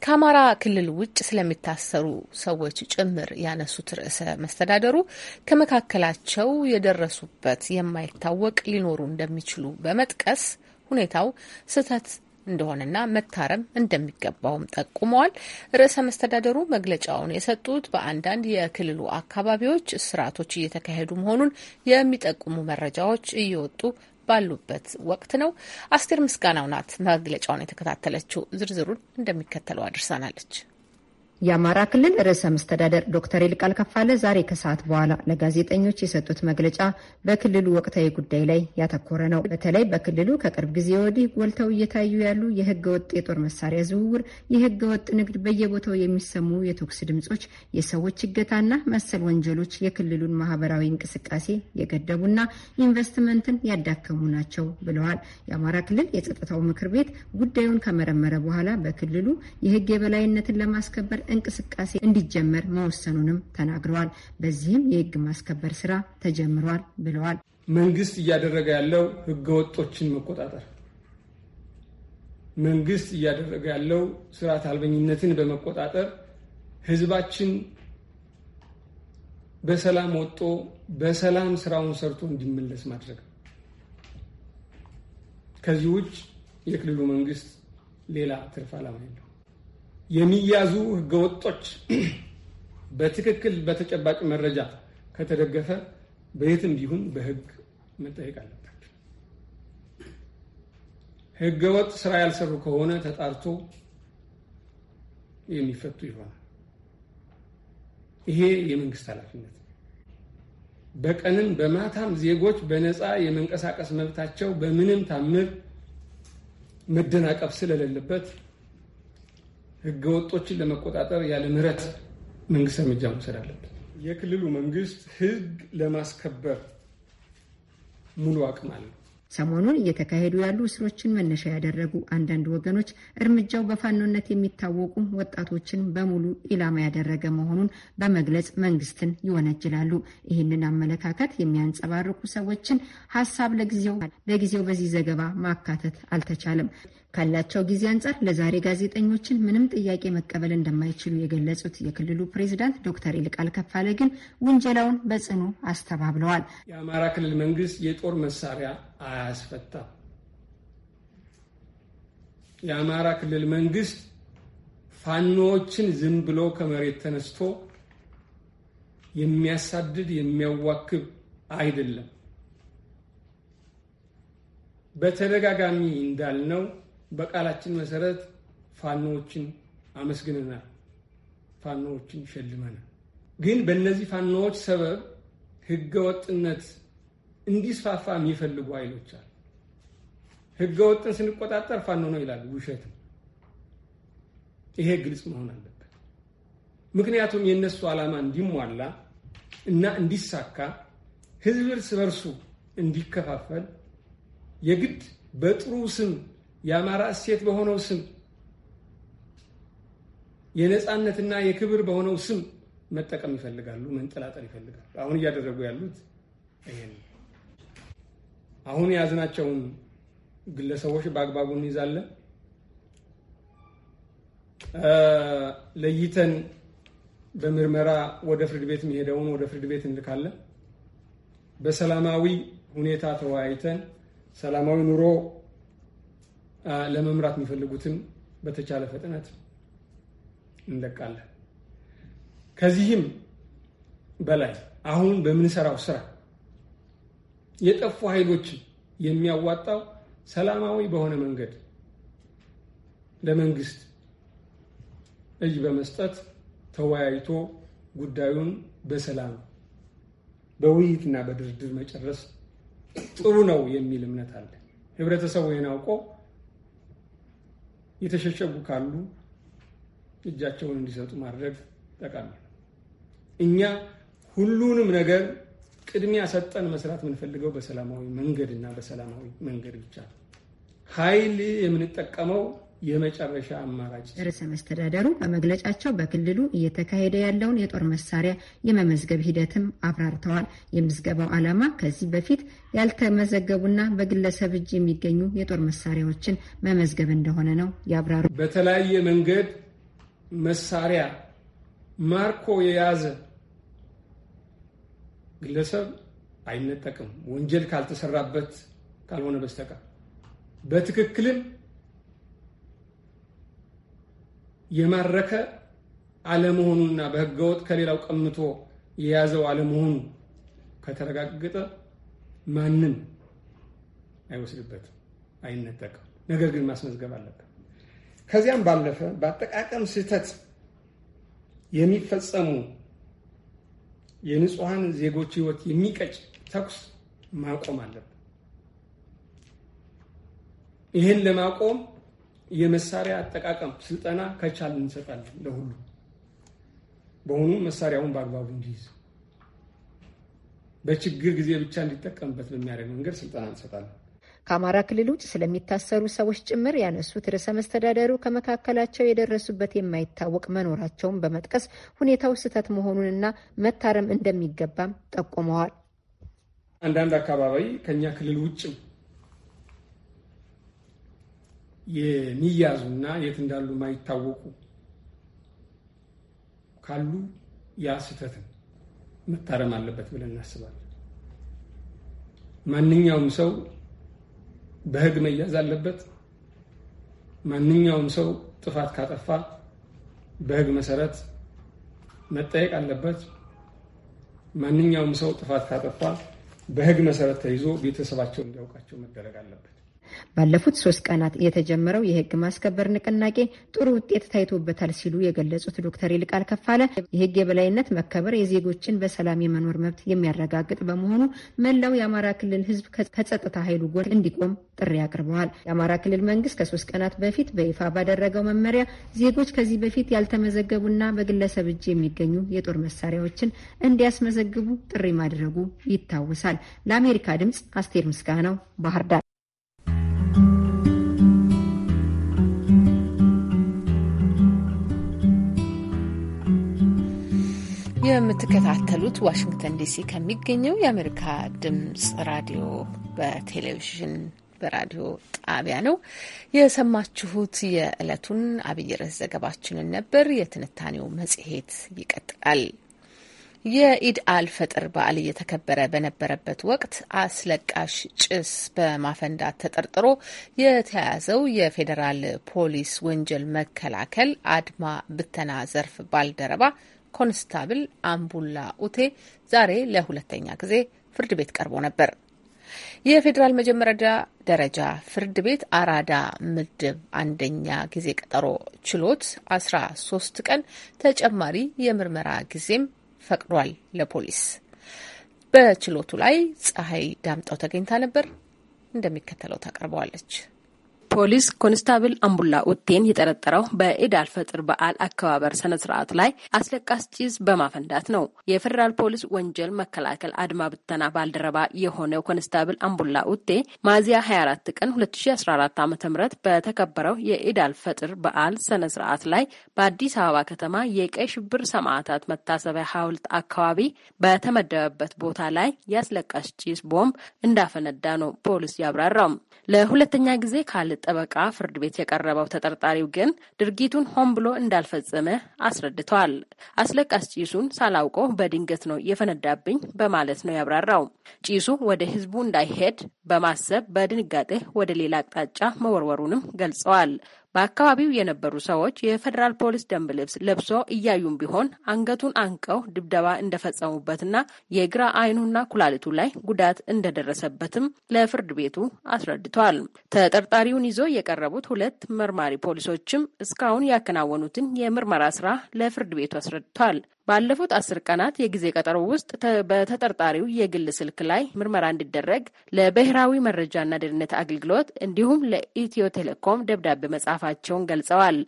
ከአማራ ክልል ውጭ ስለሚታሰሩ ሰዎች ጭምር ያነሱት ርዕሰ መስተዳደሩ ከመካከላቸው የደረሱበት የማይታወቅ ሊኖሩ እንደሚችሉ በመጥቀስ ሁኔታው ስህተት እንደሆነና መታረም እንደሚገባውም ጠቁመዋል። ርዕሰ መስተዳደሩ መግለጫውን የሰጡት በአንዳንድ የክልሉ አካባቢዎች ስርዓቶች እየተካሄዱ መሆኑን የሚጠቁሙ መረጃዎች እየወጡ ባሉበት ወቅት ነው። አስቴር ምስጋናው ናት መግለጫውን የተከታተለችው። ዝርዝሩን እንደሚከተለው አድርሳናለች። የአማራ ክልል ርዕሰ መስተዳደር ዶክተር ይልቃል ከፋለ ዛሬ ከሰዓት በኋላ ለጋዜጠኞች የሰጡት መግለጫ በክልሉ ወቅታዊ ጉዳይ ላይ ያተኮረ ነው። በተለይ በክልሉ ከቅርብ ጊዜ ወዲህ ጎልተው እየታዩ ያሉ የህገ ወጥ የጦር መሳሪያ ዝውውር፣ የህገ ወጥ ንግድ፣ በየቦታው የሚሰሙ የተኩስ ድምጾች፣ የሰዎች እገታና መሰል ወንጀሎች የክልሉን ማህበራዊ እንቅስቃሴ የገደቡና ኢንቨስትመንትን ያዳከሙ ናቸው ብለዋል። የአማራ ክልል የጸጥታው ምክር ቤት ጉዳዩን ከመረመረ በኋላ በክልሉ የህግ የበላይነትን ለማስከበር እንቅስቃሴ እንዲጀመር መወሰኑንም ተናግረዋል። በዚህም የህግ ማስከበር ስራ ተጀምሯል ብለዋል። መንግስት እያደረገ ያለው ህገወጦችን መቆጣጠር መንግስት እያደረገ ያለው ስርዓት አልበኝነትን በመቆጣጠር ህዝባችን በሰላም ወጦ በሰላም ስራውን ሰርቶ እንዲመለስ ማድረግ። ከዚህ ውጭ የክልሉ መንግስት ሌላ ትርፍ አላማ የለው። የሚያዙ ህገወጦች በትክክል በተጨባጭ መረጃ ከተደገፈ በየትም ቢሆን በህግ መጠየቅ አለባቸው። ህገወጥ ስራ ያልሰሩ ከሆነ ተጣርቶ የሚፈቱ ይሆናል። ይሄ የመንግስት ኃላፊነት ነው። በቀንም በማታም ዜጎች በነፃ የመንቀሳቀስ መብታቸው በምንም ታምር መደናቀፍ ስለሌለበት ህገወጦችን ለመቆጣጠር ያለ ምህረት መንግስት እርምጃ መውሰድ አለበት። የክልሉ መንግስት ህግ ለማስከበር ሙሉ አቅም አለ። ሰሞኑን እየተካሄዱ ያሉ እስሮችን መነሻ ያደረጉ አንዳንድ ወገኖች እርምጃው በፋኖነት የሚታወቁ ወጣቶችን በሙሉ ኢላማ ያደረገ መሆኑን በመግለጽ መንግስትን ይወነጅላሉ። ይህንን አመለካከት የሚያንጸባርቁ ሰዎችን ሀሳብ ለጊዜው ለጊዜው በዚህ ዘገባ ማካተት አልተቻለም። ካላቸው ጊዜ አንጻር ለዛሬ ጋዜጠኞችን ምንም ጥያቄ መቀበል እንደማይችሉ የገለጹት የክልሉ ፕሬዚዳንት ዶክተር ይልቃል ከፋለ ግን ውንጀላውን በጽኑ አስተባብለዋል። የአማራ ክልል መንግስት የጦር መሳሪያ አያስፈታም። የአማራ ክልል መንግስት ፋኖዎችን ዝም ብሎ ከመሬት ተነስቶ የሚያሳድድ የሚያዋክብ አይደለም። በተደጋጋሚ እንዳልነው በቃላችን መሰረት ፋኖዎችን አመስግነናል፣ ፋኖዎችን ሸልመናል። ግን በእነዚህ ፋኖዎች ሰበብ ህገወጥነት እንዲስፋፋ የሚፈልጉ ኃይሎች አሉ። ህገወጥን ስንቆጣጠር ፋኖ ነው ይላሉ። ውሸት ነው። ይሄ ግልጽ መሆን አለበት። ምክንያቱም የእነሱ ዓላማ እንዲሟላ እና እንዲሳካ ህዝብ እርስ በርሱ እንዲከፋፈል የግድ በጥሩ ስም የአማራ እሴት በሆነው ስም የነፃነትና የክብር በሆነው ስም መጠቀም ይፈልጋሉ፣ መንጠላጠል ይፈልጋሉ። አሁን እያደረጉ ያሉት ይሄን አሁን የያዝናቸውን ግለሰቦች በአግባቡ እንይዛለን። ለይተን በምርመራ ወደ ፍርድ ቤት የሚሄደውን ወደ ፍርድ ቤት እንልካለን። በሰላማዊ ሁኔታ ተወያይተን ሰላማዊ ኑሮ ለመምራት የሚፈልጉትን በተቻለ ፍጥነት እንለቃለን። ከዚህም በላይ አሁን በምንሰራው ስራ የጠፉ ኃይሎችን የሚያዋጣው ሰላማዊ በሆነ መንገድ ለመንግስት እጅ በመስጠት ተወያይቶ ጉዳዩን በሰላም በውይይትና በድርድር መጨረስ ጥሩ ነው የሚል እምነት አለ። ህብረተሰቡ ይህን አውቆ የተሸሸጉ ካሉ እጃቸውን እንዲሰጡ ማድረግ ጠቃሚ ነው። እኛ ሁሉንም ነገር ቅድሚያ ሰጠን መስራት የምንፈልገው በሰላማዊ መንገድ እና በሰላማዊ መንገድ ብቻ ነው። ኃይል የምንጠቀመው የመጨረሻ አማራጭ። ርዕሰ መስተዳደሩ በመግለጫቸው በክልሉ እየተካሄደ ያለውን የጦር መሳሪያ የመመዝገብ ሂደትም አብራርተዋል። የምዝገባው ዓላማ ከዚህ በፊት ያልተመዘገቡና በግለሰብ እጅ የሚገኙ የጦር መሳሪያዎችን መመዝገብ እንደሆነ ነው ያብራሩ። በተለያየ መንገድ መሳሪያ ማርኮ የያዘ ግለሰብ አይነጠቅም፣ ወንጀል ካልተሰራበት ካልሆነ በስተቀር በትክክልም የማረከ አለመሆኑና በህገወጥ ከሌላው ቀምቶ የያዘው አለመሆኑ ከተረጋገጠ ማንም አይወስድበትም፣ አይነጠቅም። ነገር ግን ማስመዝገብ አለበት። ከዚያም ባለፈ በአጠቃቀም ስህተት የሚፈጸሙ የንጹሐን ዜጎች ህይወት የሚቀጭ ተኩስ ማቆም አለብን። ይህን ለማቆም የመሳሪያ አጠቃቀም ስልጠና ከቻል እንሰጣለን ለሁሉ በሆኑ መሳሪያውን በአግባቡ እንዲይዝ በችግር ጊዜ ብቻ እንዲጠቀምበት በሚያደርግ መንገድ ስልጠና እንሰጣለን። ከአማራ ክልል ውጭ ስለሚታሰሩ ሰዎች ጭምር ያነሱት ርዕሰ መስተዳደሩ ከመካከላቸው የደረሱበት የማይታወቅ መኖራቸውን በመጥቀስ ሁኔታው ስህተት መሆኑንና መታረም እንደሚገባም ጠቁመዋል። አንዳንድ አካባቢ ከኛ ክልል ውጭም የሚያዙና የት እንዳሉ ማይታወቁ ካሉ ያ ስህተት ነው፣ መታረም አለበት ብለን እናስባለን። ማንኛውም ሰው በሕግ መያዝ አለበት። ማንኛውም ሰው ጥፋት ካጠፋ በሕግ መሰረት መጠየቅ አለበት። ማንኛውም ሰው ጥፋት ካጠፋ በሕግ መሰረት ተይዞ ቤተሰባቸውን እንዲያውቃቸው መደረግ አለበት። ባለፉት ሶስት ቀናት የተጀመረው የህግ ማስከበር ንቅናቄ ጥሩ ውጤት ታይቶበታል ሲሉ የገለጹት ዶክተር ይልቃል ከፋለ የህግ የበላይነት መከበር የዜጎችን በሰላም የመኖር መብት የሚያረጋግጥ በመሆኑ መላው የአማራ ክልል ህዝብ ከጸጥታ ኃይሉ ጎን እንዲቆም ጥሪ አቅርበዋል። የአማራ ክልል መንግስት ከሶስት ቀናት በፊት በይፋ ባደረገው መመሪያ ዜጎች ከዚህ በፊት ያልተመዘገቡና በግለሰብ እጅ የሚገኙ የጦር መሳሪያዎችን እንዲያስመዘግቡ ጥሪ ማድረጉ ይታወሳል። ለአሜሪካ ድምጽ አስቴር ምስጋናው ባህር ዳር። የምትከታተሉት ዋሽንግተን ዲሲ ከሚገኘው የአሜሪካ ድምጽ ራዲዮ በቴሌቪዥን በራዲዮ ጣቢያ ነው የሰማችሁት። የዕለቱን አብይ ርዕስ ዘገባችንን ነበር። የትንታኔው መጽሔት ይቀጥላል። የኢድ አል ፈጥር በዓል እየተከበረ በነበረበት ወቅት አስለቃሽ ጭስ በማፈንዳት ተጠርጥሮ የተያዘው የፌዴራል ፖሊስ ወንጀል መከላከል አድማ ብተና ዘርፍ ባልደረባ ኮንስታብል አምቡላ ኡቴ ዛሬ ለሁለተኛ ጊዜ ፍርድ ቤት ቀርቦ ነበር። የፌዴራል መጀመሪያ ደረጃ ፍርድ ቤት አራዳ ምድብ አንደኛ ጊዜ ቀጠሮ ችሎት አስራ ሶስት ቀን ተጨማሪ የምርመራ ጊዜም ፈቅዷል ለፖሊስ። በችሎቱ ላይ ፀሐይ ዳምጠው ተገኝታ ነበር፣ እንደሚከተለው ታቀርበዋለች። ፖሊስ ኮንስታብል አምቡላ ኡቴን የጠረጠረው በኢድ አልፈጥር በዓል አከባበር ስነ ስርዓት ላይ አስለቃስ ጭስ በማፈንዳት ነው። የፌዴራል ፖሊስ ወንጀል መከላከል አድማ ብተና ባልደረባ የሆነው ኮንስታብል አምቡላ ኡቴ ሚያዝያ 24 ቀን 2014 ዓ ም በተከበረው የኢድ አልፈጥር በዓል ስነ ስርዓት ላይ በአዲስ አበባ ከተማ የቀይ ሽብር ሰማዕታት መታሰቢያ ሐውልት አካባቢ በተመደበበት ቦታ ላይ የአስለቃስ ጭስ ቦምብ እንዳፈነዳ ነው ፖሊስ ያብራራው። ለሁለተኛ ጊዜ ካለ ጠበቃ ፍርድ ቤት የቀረበው ተጠርጣሪው ግን ድርጊቱን ሆን ብሎ እንዳልፈጸመ አስረድተዋል። አስለቃስ ጭሱን ሳላውቆ በድንገት ነው የፈነዳብኝ በማለት ነው ያብራራው። ጭሱ ወደ ህዝቡ እንዳይሄድ በማሰብ በድንጋጤ ወደ ሌላ አቅጣጫ መወርወሩንም ገልጸዋል። በአካባቢው የነበሩ ሰዎች የፌዴራል ፖሊስ ደንብ ልብስ ለብሶ እያዩም ቢሆን አንገቱን አንቀው ድብደባ እንደፈጸሙበትና የግራ አይኑና ኩላሊቱ ላይ ጉዳት እንደደረሰበትም ለፍርድ ቤቱ አስረድቷል። ተጠርጣሪውን ይዞ የቀረቡት ሁለት መርማሪ ፖሊሶችም እስካሁን ያከናወኑትን የምርመራ ስራ ለፍርድ ቤቱ አስረድቷል። ባለፉት አስር ቀናት የጊዜ ቀጠሮ ውስጥ በተጠርጣሪው የግል ስልክ ላይ ምርመራ እንዲደረግ ለብሔራዊ መረጃና ደህንነት አገልግሎት እንዲሁም ለኢትዮ ቴሌኮም ደብዳቤ መጻፋቸውን ገልጸዋል።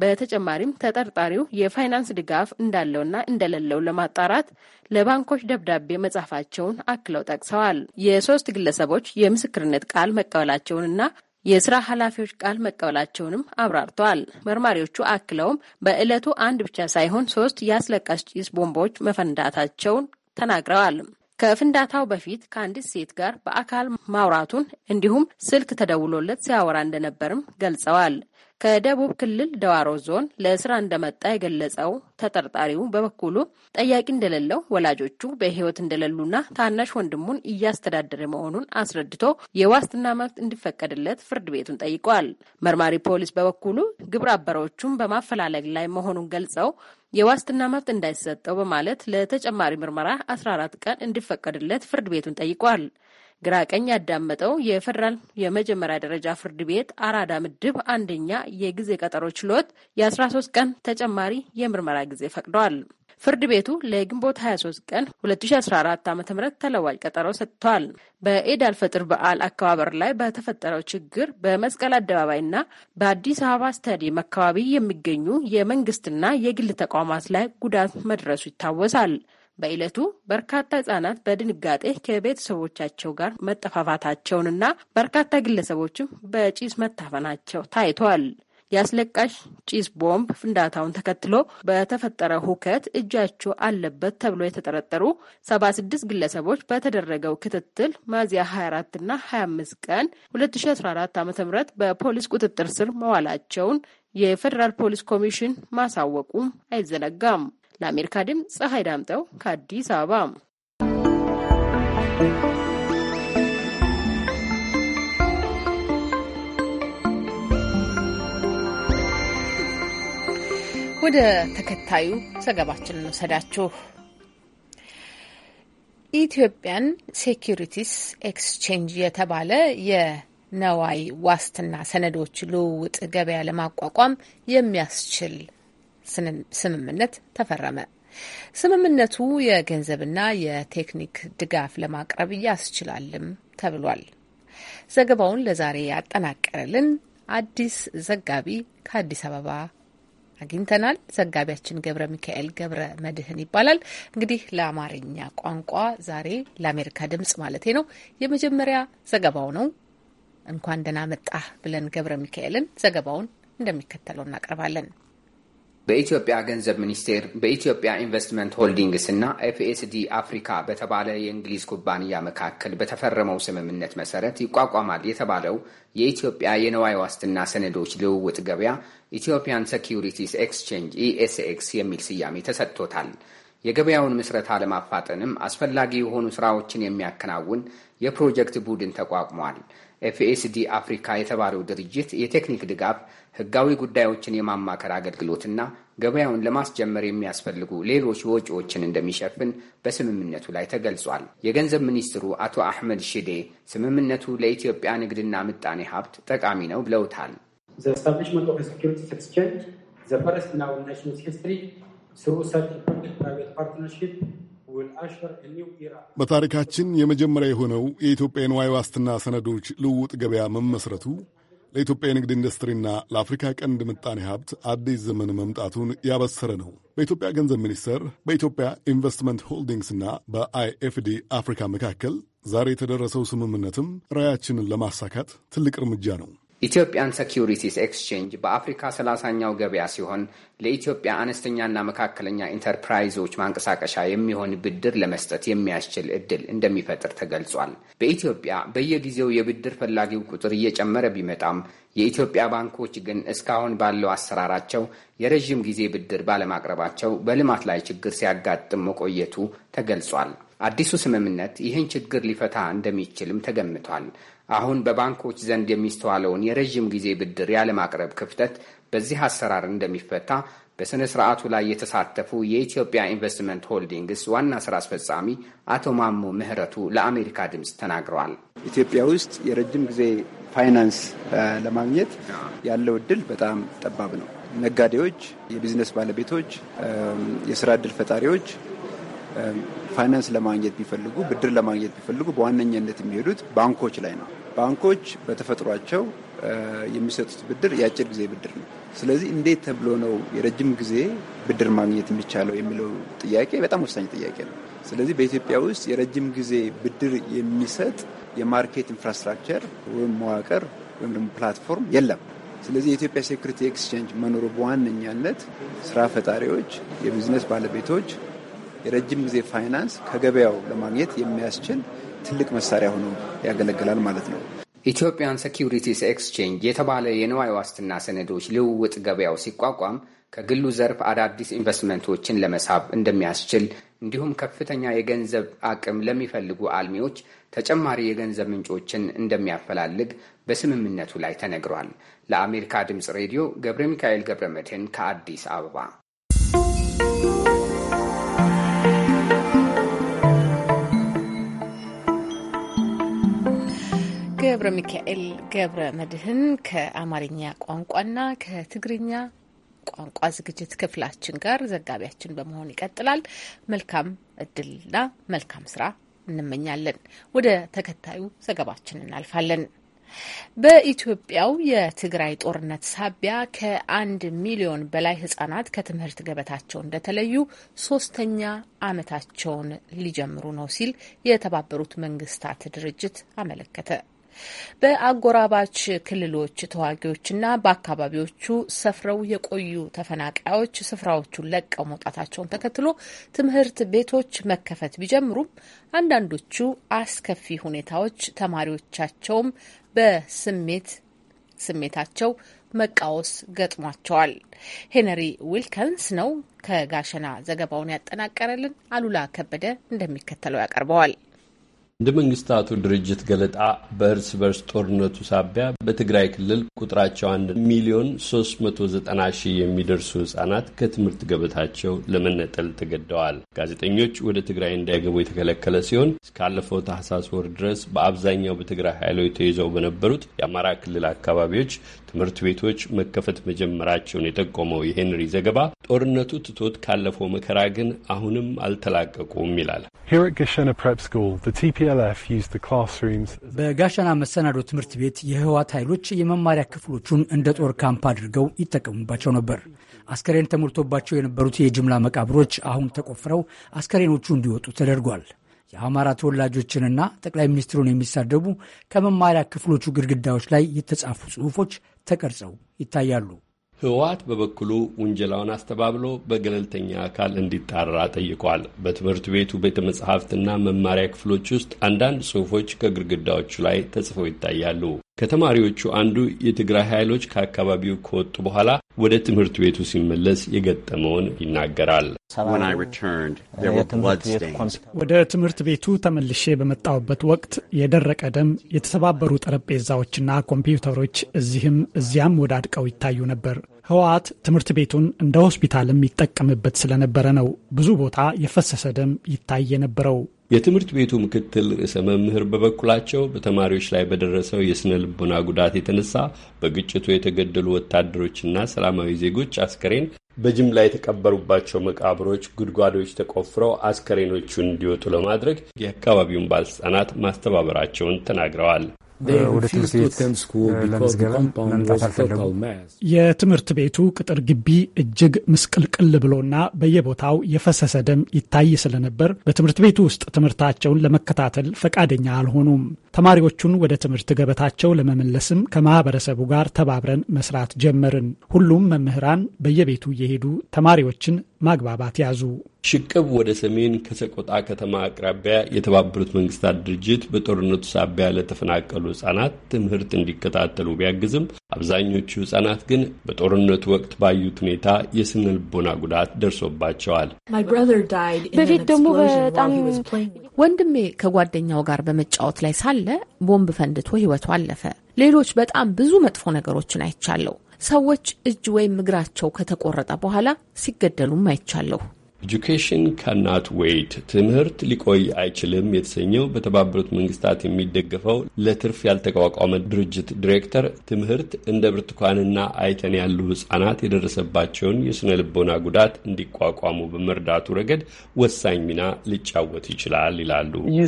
በተጨማሪም ተጠርጣሪው የፋይናንስ ድጋፍ እንዳለውና እንደሌለው ለማጣራት ለባንኮች ደብዳቤ መጻፋቸውን አክለው ጠቅሰዋል። የሶስት ግለሰቦች የምስክርነት ቃል መቀበላቸውንና የስራ ኃላፊዎች ቃል መቀበላቸውንም አብራርተዋል። መርማሪዎቹ አክለውም በዕለቱ አንድ ብቻ ሳይሆን ሶስት የአስለቃሽ ጭስ ቦምቦች መፈንዳታቸውን ተናግረዋል። ከፍንዳታው በፊት ከአንዲት ሴት ጋር በአካል ማውራቱን እንዲሁም ስልክ ተደውሎለት ሲያወራ እንደነበርም ገልጸዋል። ከደቡብ ክልል ደዋሮ ዞን ለስራ እንደመጣ የገለጸው ተጠርጣሪው በበኩሉ ጠያቂ እንደሌለው ወላጆቹ በሕይወት እንደሌሉና ታናሽ ወንድሙን እያስተዳደረ መሆኑን አስረድቶ የዋስትና መብት እንዲፈቀድለት ፍርድ ቤቱን ጠይቋል። መርማሪ ፖሊስ በበኩሉ ግብረ አበሮቹን በማፈላለግ ላይ መሆኑን ገልጸው የዋስትና መብት እንዳይሰጠው በማለት ለተጨማሪ ምርመራ 14 ቀን እንዲፈቀድለት ፍርድ ቤቱን ጠይቋል። ግራ ቀኝ ያዳመጠው የፌደራል የመጀመሪያ ደረጃ ፍርድ ቤት አራዳ ምድብ አንደኛ የጊዜ ቀጠሮ ችሎት የ13 ቀን ተጨማሪ የምርመራ ጊዜ ፈቅደዋል። ፍርድ ቤቱ ለግንቦት 23 ቀን 2014 ዓ ም ተለዋጭ ቀጠሮ ሰጥቷል። በኤዳል አልፈጥር በዓል አከባበር ላይ በተፈጠረው ችግር በመስቀል አደባባይና በአዲስ አበባ ስታዲየም አካባቢ የሚገኙ የመንግስትና የግል ተቋማት ላይ ጉዳት መድረሱ ይታወሳል። በዕለቱ በርካታ ህጻናት በድንጋጤ ከቤተሰቦቻቸው ጋር መጠፋፋታቸውንና በርካታ ግለሰቦችም በጭስ መታፈናቸው ታይቷል። የአስለቃሽ ጭስ ቦምብ ፍንዳታውን ተከትሎ በተፈጠረ ሁከት እጃቸው አለበት ተብሎ የተጠረጠሩ ሰባ ስድስት ግለሰቦች በተደረገው ክትትል ሚያዝያ 24 እና 25 ቀን 2014 ዓ ም በፖሊስ ቁጥጥር ስር መዋላቸውን የፌዴራል ፖሊስ ኮሚሽን ማሳወቁም አይዘነጋም። ለአሜሪካ ድምፅ ፀሐይ ዳምጠው ከአዲስ አበባ። ወደ ተከታዩ ዘገባችን እንውሰዳችሁ። ኢትዮጵያን ሴኪሪቲስ ኤክስቼንጅ የተባለ የነዋይ ዋስትና ሰነዶች ልውውጥ ገበያ ለማቋቋም የሚያስችል ስምምነት ተፈረመ። ስምምነቱ የገንዘብና የቴክኒክ ድጋፍ ለማቅረብ ያስችላልም ተብሏል። ዘገባውን ለዛሬ ያጠናቀረልን አዲስ ዘጋቢ ከአዲስ አበባ አግኝተናል። ዘጋቢያችን ገብረ ሚካኤል ገብረ መድህን ይባላል። እንግዲህ ለአማርኛ ቋንቋ ዛሬ ለአሜሪካ ድምጽ ማለቴ ነው የመጀመሪያ ዘገባው ነው። እንኳን ደህና መጣህ ብለን ገብረ ሚካኤልን ዘገባውን እንደሚከተለው እናቀርባለን። በኢትዮጵያ ገንዘብ ሚኒስቴር በኢትዮጵያ ኢንቨስትመንት ሆልዲንግስ እና ኤፍኤስዲ አፍሪካ በተባለ የእንግሊዝ ኩባንያ መካከል በተፈረመው ስምምነት መሰረት ይቋቋማል የተባለው የኢትዮጵያ የነዋይ ዋስትና ሰነዶች ልውውጥ ገበያ ኢትዮጵያን ሴኪዩሪቲስ ኤክስቼንጅ ኢኤስኤክስ የሚል ስያሜ ተሰጥቶታል። የገበያውን ምስረታ ለማፋጠንም አስፈላጊ የሆኑ ስራዎችን የሚያከናውን የፕሮጀክት ቡድን ተቋቁሟል። ኤፍኤስዲ አፍሪካ የተባለው ድርጅት የቴክኒክ ድጋፍ ህጋዊ ጉዳዮችን የማማከር አገልግሎትና ገበያውን ለማስጀመር የሚያስፈልጉ ሌሎች ወጪዎችን እንደሚሸፍን በስምምነቱ ላይ ተገልጿል። የገንዘብ ሚኒስትሩ አቶ አሕመድ ሽዴ ስምምነቱ ለኢትዮጵያ ንግድና ምጣኔ ሀብት ጠቃሚ ነው ብለውታል። ፓርትነርሽፕ በታሪካችን የመጀመሪያ የሆነው የኢትዮጵያ ንዋይ ዋስትና ሰነዶች ልውውጥ ገበያ መመስረቱ ለኢትዮጵያ የንግድ ኢንዱስትሪና ለአፍሪካ ቀንድ ምጣኔ ሀብት አዲስ ዘመን መምጣቱን ያበሰረ ነው። በኢትዮጵያ ገንዘብ ሚኒስቴር፣ በኢትዮጵያ ኢንቨስትመንት ሆልዲንግስና በአይኤፍዲ አፍሪካ መካከል ዛሬ የተደረሰው ስምምነትም ራዕያችንን ለማሳካት ትልቅ እርምጃ ነው። ኢትዮጵያን ሰኪዩሪቲስ ኤክስቼንጅ በአፍሪካ ሰላሳኛው ገበያ ሲሆን ለኢትዮጵያ አነስተኛና መካከለኛ ኢንተርፕራይዞች ማንቀሳቀሻ የሚሆን ብድር ለመስጠት የሚያስችል እድል እንደሚፈጥር ተገልጿል። በኢትዮጵያ በየጊዜው የብድር ፈላጊው ቁጥር እየጨመረ ቢመጣም የኢትዮጵያ ባንኮች ግን እስካሁን ባለው አሰራራቸው የረዥም ጊዜ ብድር ባለማቅረባቸው በልማት ላይ ችግር ሲያጋጥም መቆየቱ ተገልጿል። አዲሱ ስምምነት ይህን ችግር ሊፈታ እንደሚችልም ተገምቷል። አሁን በባንኮች ዘንድ የሚስተዋለውን የረዥም ጊዜ ብድር ያለማቅረብ ክፍተት በዚህ አሰራር እንደሚፈታ በሥነ ሥርዓቱ ላይ የተሳተፉ የኢትዮጵያ ኢንቨስትመንት ሆልዲንግስ ዋና ሥራ አስፈጻሚ አቶ ማሞ ምህረቱ ለአሜሪካ ድምፅ ተናግረዋል። ኢትዮጵያ ውስጥ የረጅም ጊዜ ፋይናንስ ለማግኘት ያለው እድል በጣም ጠባብ ነው። ነጋዴዎች፣ የቢዝነስ ባለቤቶች፣ የስራ እድል ፈጣሪዎች ፋይናንስ ለማግኘት ቢፈልጉ ብድር ለማግኘት ቢፈልጉ በዋነኛነት የሚሄዱት ባንኮች ላይ ነው። ባንኮች በተፈጥሯቸው የሚሰጡት ብድር የአጭር ጊዜ ብድር ነው። ስለዚህ እንዴት ተብሎ ነው የረጅም ጊዜ ብድር ማግኘት የሚቻለው የሚለው ጥያቄ በጣም ወሳኝ ጥያቄ ነው። ስለዚህ በኢትዮጵያ ውስጥ የረጅም ጊዜ ብድር የሚሰጥ የማርኬት ኢንፍራስትራክቸር ወይም መዋቅር ወይም ደግሞ ፕላትፎርም የለም። ስለዚህ የኢትዮጵያ ሴኩሪቲ ኤክስቼንጅ መኖሩ በዋነኛነት ስራ ፈጣሪዎች፣ የቢዝነስ ባለቤቶች የረጅም ጊዜ ፋይናንስ ከገበያው ለማግኘት የሚያስችል ትልቅ መሳሪያ ሆኖ ያገለግላል ማለት ነው። ኢትዮጵያን ሴኪሪቲስ ኤክስቼንጅ የተባለ የንዋይ ዋስትና ሰነዶች ልውውጥ ገበያው ሲቋቋም ከግሉ ዘርፍ አዳዲስ ኢንቨስትመንቶችን ለመሳብ እንደሚያስችል እንዲሁም ከፍተኛ የገንዘብ አቅም ለሚፈልጉ አልሚዎች ተጨማሪ የገንዘብ ምንጮችን እንደሚያፈላልግ በስምምነቱ ላይ ተነግሯል። ለአሜሪካ ድምፅ ሬዲዮ ገብረ ሚካኤል ገብረ መድህን ከአዲስ አበባ ገብረ ሚካኤል ገብረ መድህን ከአማርኛ ቋንቋና ከትግርኛ ቋንቋ ዝግጅት ክፍላችን ጋር ዘጋቢያችን በመሆን ይቀጥላል። መልካም እድልና መልካም ስራ እንመኛለን። ወደ ተከታዩ ዘገባችን እናልፋለን። በኢትዮጵያው የትግራይ ጦርነት ሳቢያ ከአንድ ሚሊዮን በላይ ህጻናት ከትምህርት ገበታቸው እንደተለዩ ሶስተኛ አመታቸውን ሊጀምሩ ነው ሲል የተባበሩት መንግስታት ድርጅት አመለከተ። በአጎራባች ክልሎች ተዋጊዎችና በአካባቢዎቹ ሰፍረው የቆዩ ተፈናቃዮች ስፍራዎቹን ለቀው መውጣታቸውን ተከትሎ ትምህርት ቤቶች መከፈት ቢጀምሩም አንዳንዶቹ አስከፊ ሁኔታዎች ተማሪዎቻቸውም በስሜት ስሜታቸው መቃወስ ገጥሟቸዋል። ሄነሪ ዊልከንስ ነው ከጋሸና ዘገባውን ያጠናቀረልን። አሉላ ከበደ እንደሚከተለው ያቀርበዋል። እንደ መንግስታቱ ድርጅት ገለጣ በእርስ በርስ ጦርነቱ ሳቢያ በትግራይ ክልል ቁጥራቸው 1 ሚሊዮን 390 ሺህ የሚደርሱ ህጻናት ከትምህርት ገበታቸው ለመነጠል ተገደዋል። ጋዜጠኞች ወደ ትግራይ እንዳይገቡ የተከለከለ ሲሆን እስካለፈው ታህሳስ ወር ድረስ በአብዛኛው በትግራይ ኃይሎች ተይዘው በነበሩት የአማራ ክልል አካባቢዎች ትምህርት ቤቶች መከፈት መጀመራቸውን የጠቆመው የሄንሪ ዘገባ ጦርነቱ ትቶት ካለፈው መከራ ግን አሁንም አልተላቀቁም ይላል። በጋሻና መሰናዶ ትምህርት ቤት የህወሓት ኃይሎች የመማሪያ ክፍሎቹን እንደ ጦር ካምፕ አድርገው ይጠቀሙባቸው ነበር። አስከሬን ተሞልቶባቸው የነበሩት የጅምላ መቃብሮች አሁን ተቆፍረው አስከሬኖቹ እንዲወጡ ተደርጓል። የአማራ ተወላጆችንና ጠቅላይ ሚኒስትሩን የሚሳደቡ ከመማሪያ ክፍሎቹ ግድግዳዎች ላይ የተጻፉ ጽሑፎች ተቀርጸው ይታያሉ። ህወሓት በበኩሉ ውንጀላውን አስተባብሎ በገለልተኛ አካል እንዲጣራ ጠይቋል። በትምህርት ቤቱ ቤተ መጽሕፍትና መማሪያ ክፍሎች ውስጥ አንዳንድ ጽሑፎች ከግድግዳዎቹ ላይ ተጽፈው ይታያሉ። ከተማሪዎቹ አንዱ የትግራይ ኃይሎች ከአካባቢው ከወጡ በኋላ ወደ ትምህርት ቤቱ ሲመለስ የገጠመውን ይናገራል። ወደ ትምህርት ቤቱ ተመልሼ በመጣሁበት ወቅት የደረቀ ደም፣ የተሰባበሩ ጠረጴዛዎችና ኮምፒውተሮች እዚህም እዚያም ወዳድቀው ይታዩ ነበር። ህወሓት ትምህርት ቤቱን እንደ ሆስፒታልም ይጠቀምበት ስለነበረ ነው ብዙ ቦታ የፈሰሰ ደም ይታይ የነበረው። የትምህርት ቤቱ ምክትል ርዕሰ መምህር በበኩላቸው በተማሪዎች ላይ በደረሰው የስነ ልቦና ጉዳት የተነሳ በግጭቱ የተገደሉ ወታደሮችና ሰላማዊ ዜጎች አስከሬን በጅምላ የተቀበሩባቸው መቃብሮች ጉድጓዶች ተቆፍረው አስከሬኖቹን እንዲወጡ ለማድረግ የአካባቢውን ባለስልጣናት ማስተባበራቸውን ተናግረዋል። Uh, uh, የትምህርት ቤቱ ቅጥር ግቢ እጅግ ምስቅልቅል ብሎና በየቦታው የፈሰሰ ደም ይታይ ስለነበር በትምህርት ቤቱ ውስጥ ትምህርታቸውን ለመከታተል ፈቃደኛ አልሆኑም። ተማሪዎቹን ወደ ትምህርት ገበታቸው ለመመለስም ከማህበረሰቡ ጋር ተባብረን መስራት ጀመርን። ሁሉም መምህራን በየቤቱ እየሄዱ ተማሪዎችን ማግባባት ያዙ። ሽቅብ ወደ ሰሜን ከሰቆጣ ከተማ አቅራቢያ የተባበሩት መንግስታት ድርጅት በጦርነቱ ሳቢያ ለተፈናቀሉ ህጻናት ትምህርት እንዲከታተሉ ቢያግዝም አብዛኞቹ ህጻናት ግን በጦርነቱ ወቅት ባዩት ሁኔታ የስነ ልቦና ጉዳት ደርሶባቸዋል። በፊት ደግሞ በጣም ወንድሜ ከጓደኛው ጋር በመጫወት ላይ ሳለ ቦምብ ፈንድቶ ህይወቱ አለፈ። ሌሎች በጣም ብዙ መጥፎ ነገሮችን አይቻለሁ። ሰዎች እጅ ወይም እግራቸው ከተቆረጠ በኋላ ሲገደሉም አይቻለሁ። ኤጁኬሽን ካናት ዌይት ትምህርት ሊቆይ አይችልም የተሰኘው በተባበሩት መንግስታት የሚደገፈው ለትርፍ ያልተቋቋመ ድርጅት ዲሬክተር ትምህርት እንደ ብርቱካንና አይተን ያሉ ህጻናት የደረሰባቸውን የሥነ ልቦና ጉዳት እንዲቋቋሙ በመርዳቱ ረገድ ወሳኝ ሚና ሊጫወት ይችላል ይላሉ። uh,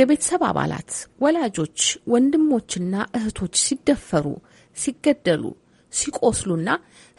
የቤተሰብ አባላት፣ ወላጆች፣ ወንድሞችና እህቶች ሲደፈሩ፣ ሲገደሉ ሲቆስሉና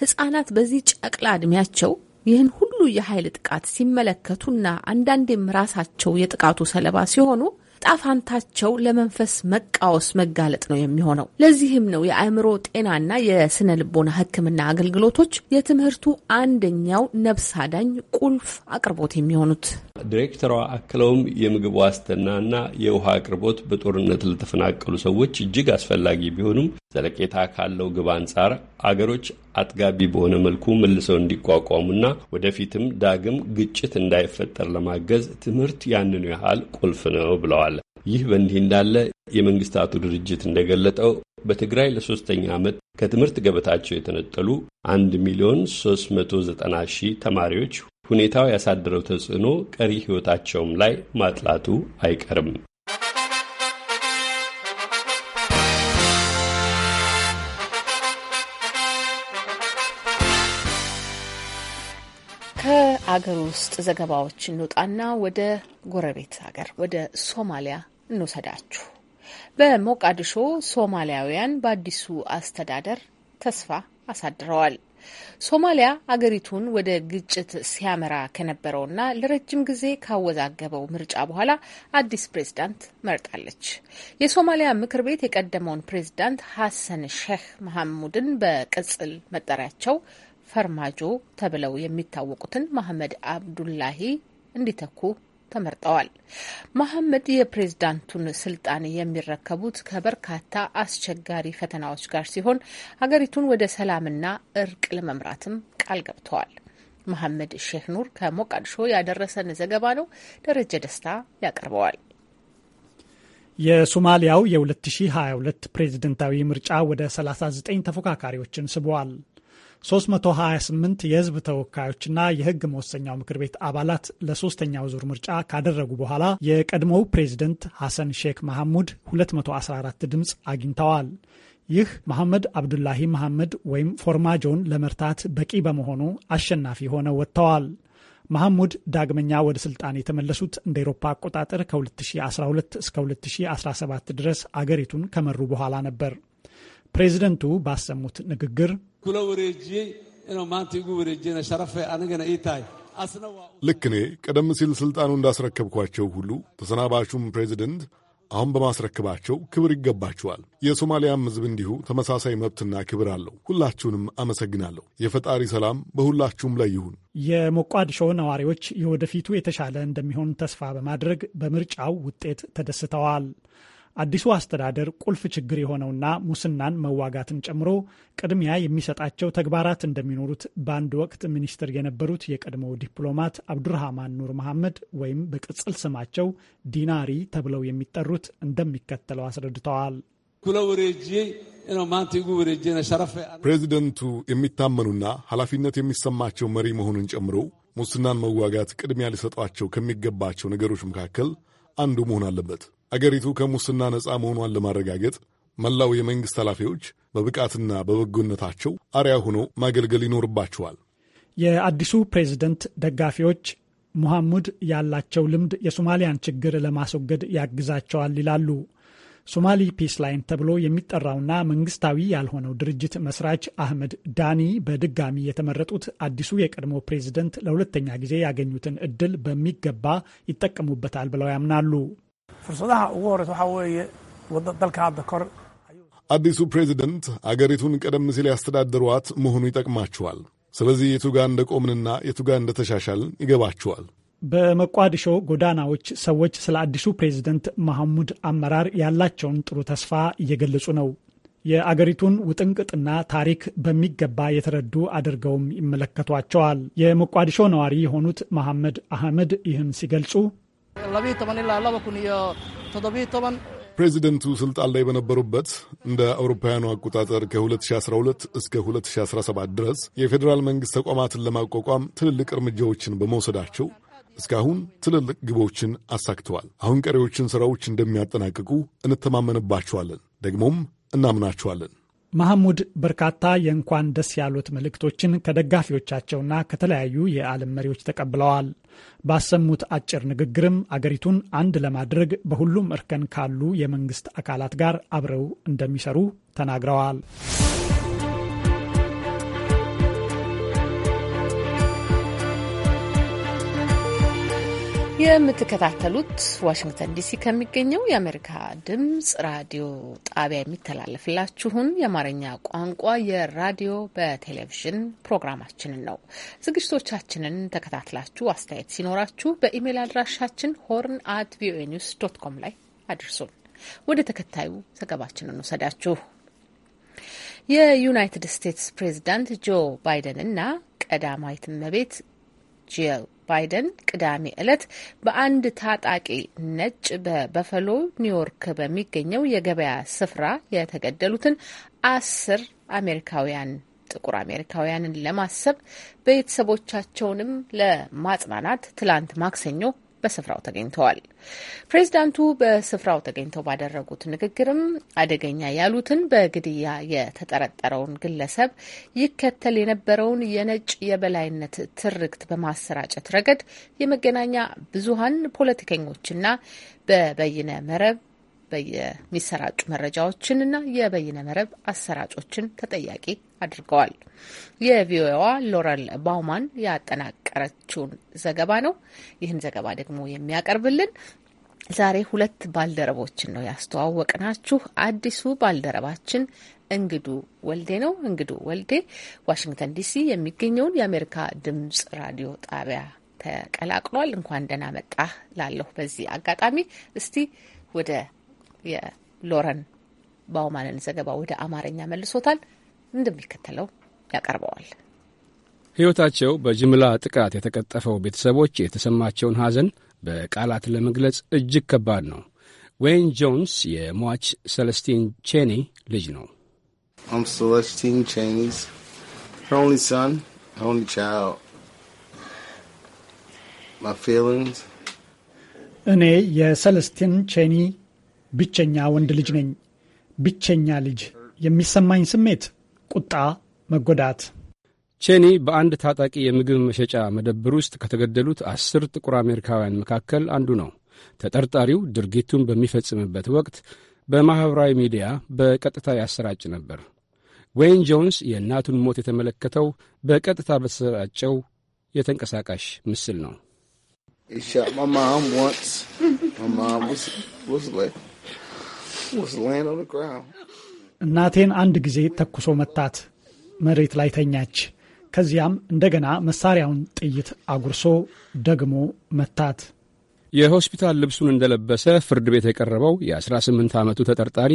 ህጻናት በዚህ ጨቅላ ዕድሜያቸው ይህን ሁሉ የኃይል ጥቃት ሲመለከቱና አንዳንዴም ራሳቸው የጥቃቱ ሰለባ ሲሆኑ ጣፋንታቸው ለመንፈስ መቃወስ መጋለጥ ነው የሚሆነው። ለዚህም ነው የአእምሮ ጤናና የስነ ልቦና ሕክምና አገልግሎቶች የትምህርቱ አንደኛው ነብስ አዳኝ ቁልፍ አቅርቦት የሚሆኑት። ዲሬክተሯ አክለውም የምግብ ዋስትናና የውሃ አቅርቦት በጦርነት ለተፈናቀሉ ሰዎች እጅግ አስፈላጊ ቢሆኑም ዘለቄታ ካለው ግብ አንጻር አገሮች አጥጋቢ በሆነ መልኩ መልሰው እንዲቋቋሙና ወደፊትም ዳግም ግጭት እንዳይፈጠር ለማገዝ ትምህርት ያንኑ ያህል ቁልፍ ነው ብለዋል። ይህ በእንዲህ እንዳለ የመንግስታቱ ድርጅት እንደገለጠው በትግራይ ለሶስተኛ ዓመት ከትምህርት ገበታቸው የተነጠሉ 1 ሚሊዮን 390 ሺህ ተማሪዎች ሁኔታው ያሳደረው ተጽዕኖ ቀሪ ሕይወታቸውም ላይ ማጥላቱ አይቀርም። አገር ውስጥ ዘገባዎች እንውጣና ወደ ጎረቤት ሀገር ወደ ሶማሊያ እንውሰዳችሁ። በሞቃዲሾ ሶማሊያውያን በአዲሱ አስተዳደር ተስፋ አሳድረዋል። ሶማሊያ አገሪቱን ወደ ግጭት ሲያመራ ከነበረውና ለረጅም ጊዜ ካወዛገበው ምርጫ በኋላ አዲስ ፕሬዝዳንት መርጣለች። የሶማሊያ ምክር ቤት የቀደመውን ፕሬዝዳንት ሀሰን ሼህ መሐሙድን በቅጽል መጠሪያቸው ፈርማጆ ተብለው የሚታወቁትን መሐመድ አብዱላሂ እንዲተኩ ተመርጠዋል። መሐመድ የፕሬዝዳንቱን ስልጣን የሚረከቡት ከበርካታ አስቸጋሪ ፈተናዎች ጋር ሲሆን ሀገሪቱን ወደ ሰላምና እርቅ ለመምራትም ቃል ገብተዋል። መሐመድ ሼህ ኑር ከሞቃዲሾ ያደረሰን ዘገባ ነው። ደረጀ ደስታ ያቀርበዋል። የሶማሊያው የ2022 ፕሬዝደንታዊ ምርጫ ወደ 39 ተፎካካሪዎችን ስበዋል። 328 የህዝብ ተወካዮችና የህግ መወሰኛው ምክር ቤት አባላት ለሶስተኛው ዙር ምርጫ ካደረጉ በኋላ የቀድሞው ፕሬዝደንት ሐሰን ሼክ መሐሙድ 214 ድምፅ አግኝተዋል። ይህ መሐመድ አብዱላሂ መሐመድ ወይም ፎርማጆን ለመርታት በቂ በመሆኑ አሸናፊ ሆነው ወጥተዋል። መሐሙድ ዳግመኛ ወደ ስልጣን የተመለሱት እንደ ኤሮፓ አቆጣጠር ከ2012 እስከ 2017 ድረስ አገሪቱን ከመሩ በኋላ ነበር። ፕሬዚደንቱ ባሰሙት ንግግር kula wareejiyey inuu maanta igu wareejiyana sharafay anigana ii tahay ልክ እኔ ቀደም ሲል ሥልጣኑ እንዳስረከብኳቸው ሁሉ ተሰናባሹም ፕሬዚደንት አሁን በማስረክባቸው ክብር ይገባቸዋል። የሶማሊያም ሕዝብ እንዲሁ ተመሳሳይ መብትና ክብር አለው። ሁላችሁንም አመሰግናለሁ። የፈጣሪ ሰላም በሁላችሁም ላይ ይሁን። የሞቃዲሾ ነዋሪዎች የወደፊቱ የተሻለ እንደሚሆን ተስፋ በማድረግ በምርጫው ውጤት ተደስተዋል። አዲሱ አስተዳደር ቁልፍ ችግር የሆነውና ሙስናን መዋጋትን ጨምሮ ቅድሚያ የሚሰጣቸው ተግባራት እንደሚኖሩት በአንድ ወቅት ሚኒስትር የነበሩት የቀድሞው ዲፕሎማት አብዱርሃማን ኑር መሐመድ ወይም በቅጽል ስማቸው ዲናሪ ተብለው የሚጠሩት እንደሚከተለው አስረድተዋል። ፕሬዚደንቱ የሚታመኑና ኃላፊነት የሚሰማቸው መሪ መሆኑን ጨምሮ ሙስናን መዋጋት ቅድሚያ ሊሰጧቸው ከሚገባቸው ነገሮች መካከል አንዱ መሆን አለበት። አገሪቱ ከሙስና ነፃ መሆኗን ለማረጋገጥ መላው የመንግሥት ኃላፊዎች በብቃትና በበጎነታቸው አርያ ሆኖ ማገልገል ይኖርባቸዋል። የአዲሱ ፕሬዝደንት ደጋፊዎች ሙሐሙድ ያላቸው ልምድ የሶማሊያን ችግር ለማስወገድ ያግዛቸዋል ይላሉ። ሶማሊ ፒስ ላይን ተብሎ የሚጠራውና መንግስታዊ ያልሆነው ድርጅት መስራች አህመድ ዳኒ በድጋሚ የተመረጡት አዲሱ የቀድሞ ፕሬዝደንት ለሁለተኛ ጊዜ ያገኙትን እድል በሚገባ ይጠቀሙበታል ብለው ያምናሉ። fursadaha ugu horeysa waxaa weeye wada dalka hadda kor አዲሱ ፕሬዚደንት አገሪቱን ቀደም ሲል ያስተዳደሯት መሆኑ ይጠቅማችኋል። ስለዚህ የቱጋ እንደ ቆምንና የቱጋ እንደ ተሻሻልን ይገባችኋል። በመቋዲሾ ጎዳናዎች ሰዎች ስለ አዲሱ ፕሬዚደንት መሐሙድ አመራር ያላቸውን ጥሩ ተስፋ እየገለጹ ነው። የአገሪቱን ውጥንቅጥና ታሪክ በሚገባ የተረዱ አድርገውም ይመለከቷቸዋል። የሞቃዲሾ ነዋሪ የሆኑት መሐመድ አህመድ ይህን ሲገልጹ ፕሬዚደንቱ ስልጣን ላይ በነበሩበት እንደ አውሮፓውያኑ አቆጣጠር ከ2012 እስከ 2017 ድረስ የፌዴራል መንግሥት ተቋማትን ለማቋቋም ትልልቅ እርምጃዎችን በመውሰዳቸው እስካሁን ትልልቅ ግቦችን አሳክተዋል። አሁን ቀሪዎችን ሥራዎች እንደሚያጠናቅቁ እንተማመንባቸዋለን፣ ደግሞም እናምናቸዋለን። መሐሙድ በርካታ የእንኳን ደስ ያሉት መልእክቶችን ከደጋፊዎቻቸውና ከተለያዩ የዓለም መሪዎች ተቀብለዋል። ባሰሙት አጭር ንግግርም አገሪቱን አንድ ለማድረግ በሁሉም እርከን ካሉ የመንግስት አካላት ጋር አብረው እንደሚሰሩ ተናግረዋል። የምትከታተሉት ዋሽንግተን ዲሲ ከሚገኘው የአሜሪካ ድምጽ ራዲዮ ጣቢያ የሚተላለፍላችሁን የአማርኛ ቋንቋ የራዲዮ በቴሌቪዥን ፕሮግራማችንን ነው። ዝግጅቶቻችንን ተከታትላችሁ አስተያየት ሲኖራችሁ በኢሜይል አድራሻችን ሆርን አት ቪኦኤ ኒውስ ዶት ኮም ላይ አድርሱን። ወደ ተከታዩ ዘገባችንን እንውሰዳችሁ። የዩናይትድ ስቴትስ ፕሬዚዳንት ጆ ባይደን እና ቀዳማዊት እመቤት ጂል ባይደን ቅዳሜ ዕለት በአንድ ታጣቂ ነጭ በበፈሎ ኒውዮርክ በሚገኘው የገበያ ስፍራ የተገደሉትን አስር አሜሪካውያን ጥቁር አሜሪካውያንን ለማሰብ ቤተሰቦቻቸውንም ለማጽናናት ትላንት ማክሰኞ በስፍራው ተገኝተዋል። ፕሬዚዳንቱ በስፍራው ተገኝተው ባደረጉት ንግግርም አደገኛ ያሉትን በግድያ የተጠረጠረውን ግለሰብ ይከተል የነበረውን የነጭ የበላይነት ትርክት በማሰራጨት ረገድ የመገናኛ ብዙሃን ፖለቲከኞችና በበይነ መረብ የሚሰራጩ መረጃዎችንና የበይነ መረብ አሰራጮችን ተጠያቂ አድርገዋል። የቪኦኤዋ ሎረል ባውማን ያጠናቀረችውን ዘገባ ነው። ይህን ዘገባ ደግሞ የሚያቀርብልን ዛሬ ሁለት ባልደረቦችን ነው ያስተዋወቅናችሁ። አዲሱ ባልደረባችን እንግዱ ወልዴ ነው። እንግዱ ወልዴ ዋሽንግተን ዲሲ የሚገኘውን የአሜሪካ ድምጽ ራዲዮ ጣቢያ ተቀላቅሏል። እንኳን ደህና መጣህ ላለሁ በዚህ አጋጣሚ እስቲ ወደ የሎረን ባውማንን ዘገባ ወደ አማርኛ መልሶታል። እንደሚከተለው ያቀርበዋል። ሕይወታቸው በጅምላ ጥቃት የተቀጠፈው ቤተሰቦች የተሰማቸውን ሐዘን በቃላት ለመግለጽ እጅግ ከባድ ነው። ዌይን ጆንስ የሟች ሰለስቲን ቼኒ ልጅ ነው። እኔ የሰለስቲን ቼኒ ብቸኛ ወንድ ልጅ ነኝ። ብቸኛ ልጅ የሚሰማኝ ስሜት ቁጣ፣ መጎዳት ቼኒ በአንድ ታጣቂ የምግብ መሸጫ መደብር ውስጥ ከተገደሉት አስር ጥቁር አሜሪካውያን መካከል አንዱ ነው። ተጠርጣሪው ድርጊቱን በሚፈጽምበት ወቅት በማኅበራዊ ሚዲያ በቀጥታ ያሰራጭ ነበር። ዌይን ጆንስ የእናቱን ሞት የተመለከተው በቀጥታ በተሰራጨው የተንቀሳቃሽ ምስል ነው። እናቴን አንድ ጊዜ ተኩሶ መታት። መሬት ላይ ተኛች። ከዚያም እንደገና መሳሪያውን ጥይት አጉርሶ ደግሞ መታት። የሆስፒታል ልብሱን እንደለበሰ ፍርድ ቤት የቀረበው የ18 ዓመቱ ተጠርጣሪ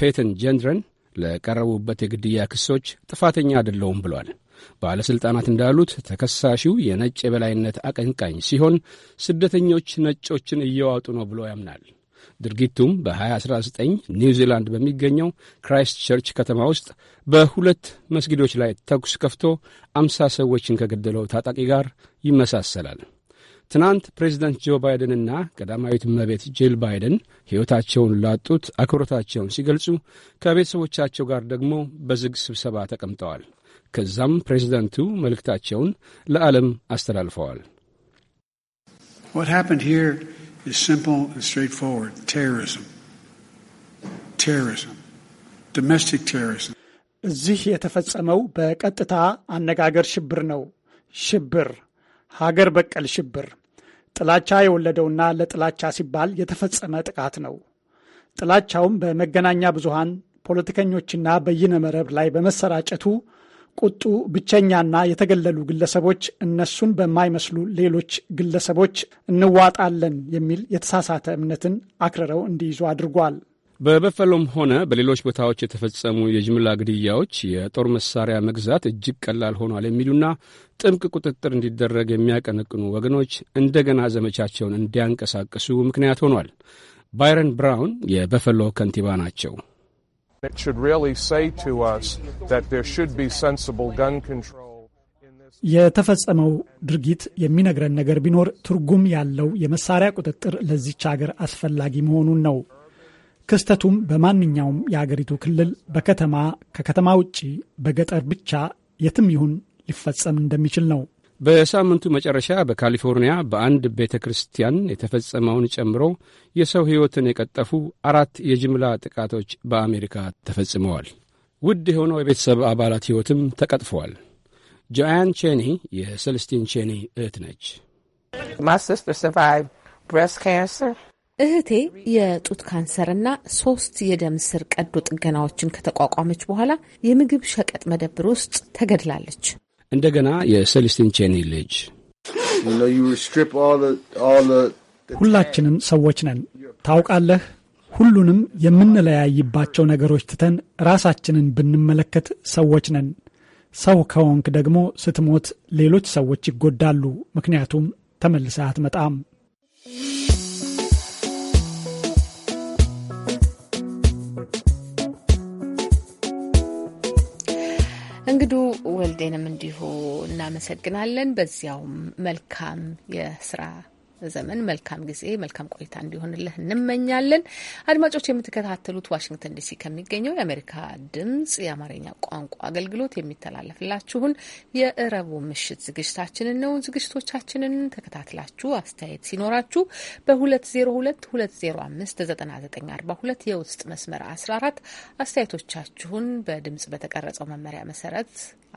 ፔተን ጀንድረን ለቀረቡበት የግድያ ክሶች ጥፋተኛ አይደለውም ብሏል። ባለሥልጣናት እንዳሉት ተከሳሹ የነጭ የበላይነት አቀንቃኝ ሲሆን ስደተኞች ነጮችን እየዋጡ ነው ብሎ ያምናል። ድርጊቱም በ2019 ኒውዚላንድ በሚገኘው ክራይስት ቸርች ከተማ ውስጥ በሁለት መስጊዶች ላይ ተኩስ ከፍቶ አምሳ ሰዎችን ከገደለው ታጣቂ ጋር ይመሳሰላል። ትናንት ፕሬዚደንት ጆ ባይደንና ቀዳማዊት እመቤት ጂል ባይደን ሕይወታቸውን ላጡት አክብሮታቸውን ሲገልጹ ከቤተሰቦቻቸው ጋር ደግሞ በዝግ ስብሰባ ተቀምጠዋል። ከዛም ፕሬዚደንቱ መልእክታቸውን ለዓለም አስተላልፈዋል። What happened here is simple and straightforward terrorism. Terrorism. Domestic terrorism. እዚህ የተፈጸመው በቀጥታ አነጋገር ሽብር ነው። ሽብር፣ ሀገር በቀል ሽብር፣ ጥላቻ የወለደውና ለጥላቻ ሲባል የተፈጸመ ጥቃት ነው። ጥላቻውም በመገናኛ ብዙሃን ፖለቲከኞችና በይነ መረብ ላይ በመሰራጨቱ ቁጡ፣ ብቸኛና የተገለሉ ግለሰቦች እነሱን በማይመስሉ ሌሎች ግለሰቦች እንዋጣለን የሚል የተሳሳተ እምነትን አክርረው እንዲይዙ አድርጓል። በበፈሎም ሆነ በሌሎች ቦታዎች የተፈጸሙ የጅምላ ግድያዎች የጦር መሳሪያ መግዛት እጅግ ቀላል ሆኗል የሚሉና ጥብቅ ቁጥጥር እንዲደረግ የሚያቀነቅኑ ወገኖች እንደገና ዘመቻቸውን እንዲያንቀሳቅሱ ምክንያት ሆኗል። ባይረን ብራውን የበፈሎ ከንቲባ ናቸው። የተፈጸመው ድርጊት የሚነግረን ነገር ቢኖር ትርጉም ያለው የመሳሪያ ቁጥጥር ለዚች ሀገር አስፈላጊ መሆኑን ነው። ክስተቱም በማንኛውም የአገሪቱ ክልል በከተማ ከከተማ ውጭ በገጠር ብቻ የትም ይሁን ሊፈጸም እንደሚችል ነው። በሳምንቱ መጨረሻ በካሊፎርኒያ በአንድ ቤተ ክርስቲያን የተፈጸመውን ጨምሮ የሰው ሕይወትን የቀጠፉ አራት የጅምላ ጥቃቶች በአሜሪካ ተፈጽመዋል። ውድ የሆነው የቤተሰብ አባላት ሕይወትም ተቀጥፈዋል። ጆያን ቼኒ የሰልስቲን ቼኒ እህት ነች። እህቴ የጡት ካንሰርና ሶስት የደም ስር ቀዶ ጥገናዎችን ከተቋቋመች በኋላ የምግብ ሸቀጥ መደብር ውስጥ ተገድላለች። እንደገና የሴሊስቲን ቼኒ ልጅ ሁላችንም ሰዎች ነን፣ ታውቃለህ። ሁሉንም የምንለያይባቸው ነገሮች ትተን ራሳችንን ብንመለከት ሰዎች ነን። ሰው ከወንክ ደግሞ ስትሞት ሌሎች ሰዎች ይጎዳሉ፣ ምክንያቱም ተመልሰህ አትመጣም። እንግዱ ወልዴንም እንዲሁ እናመሰግናለን። በዚያውም መልካም የስራ ዘመን መልካም ጊዜ፣ መልካም ቆይታ እንዲሆንልህ እንመኛለን። አድማጮች የምትከታተሉት ዋሽንግተን ዲሲ ከሚገኘው የአሜሪካ ድምጽ የአማርኛ ቋንቋ አገልግሎት የሚተላለፍላችሁን የእረቡ ምሽት ዝግጅታችንን ነው። ዝግጅቶቻችንን ተከታትላችሁ አስተያየት ሲኖራችሁ በ2022059942 የውስጥ መስመር 14 አስተያየቶቻችሁን በድምጽ በተቀረጸው መመሪያ መሰረት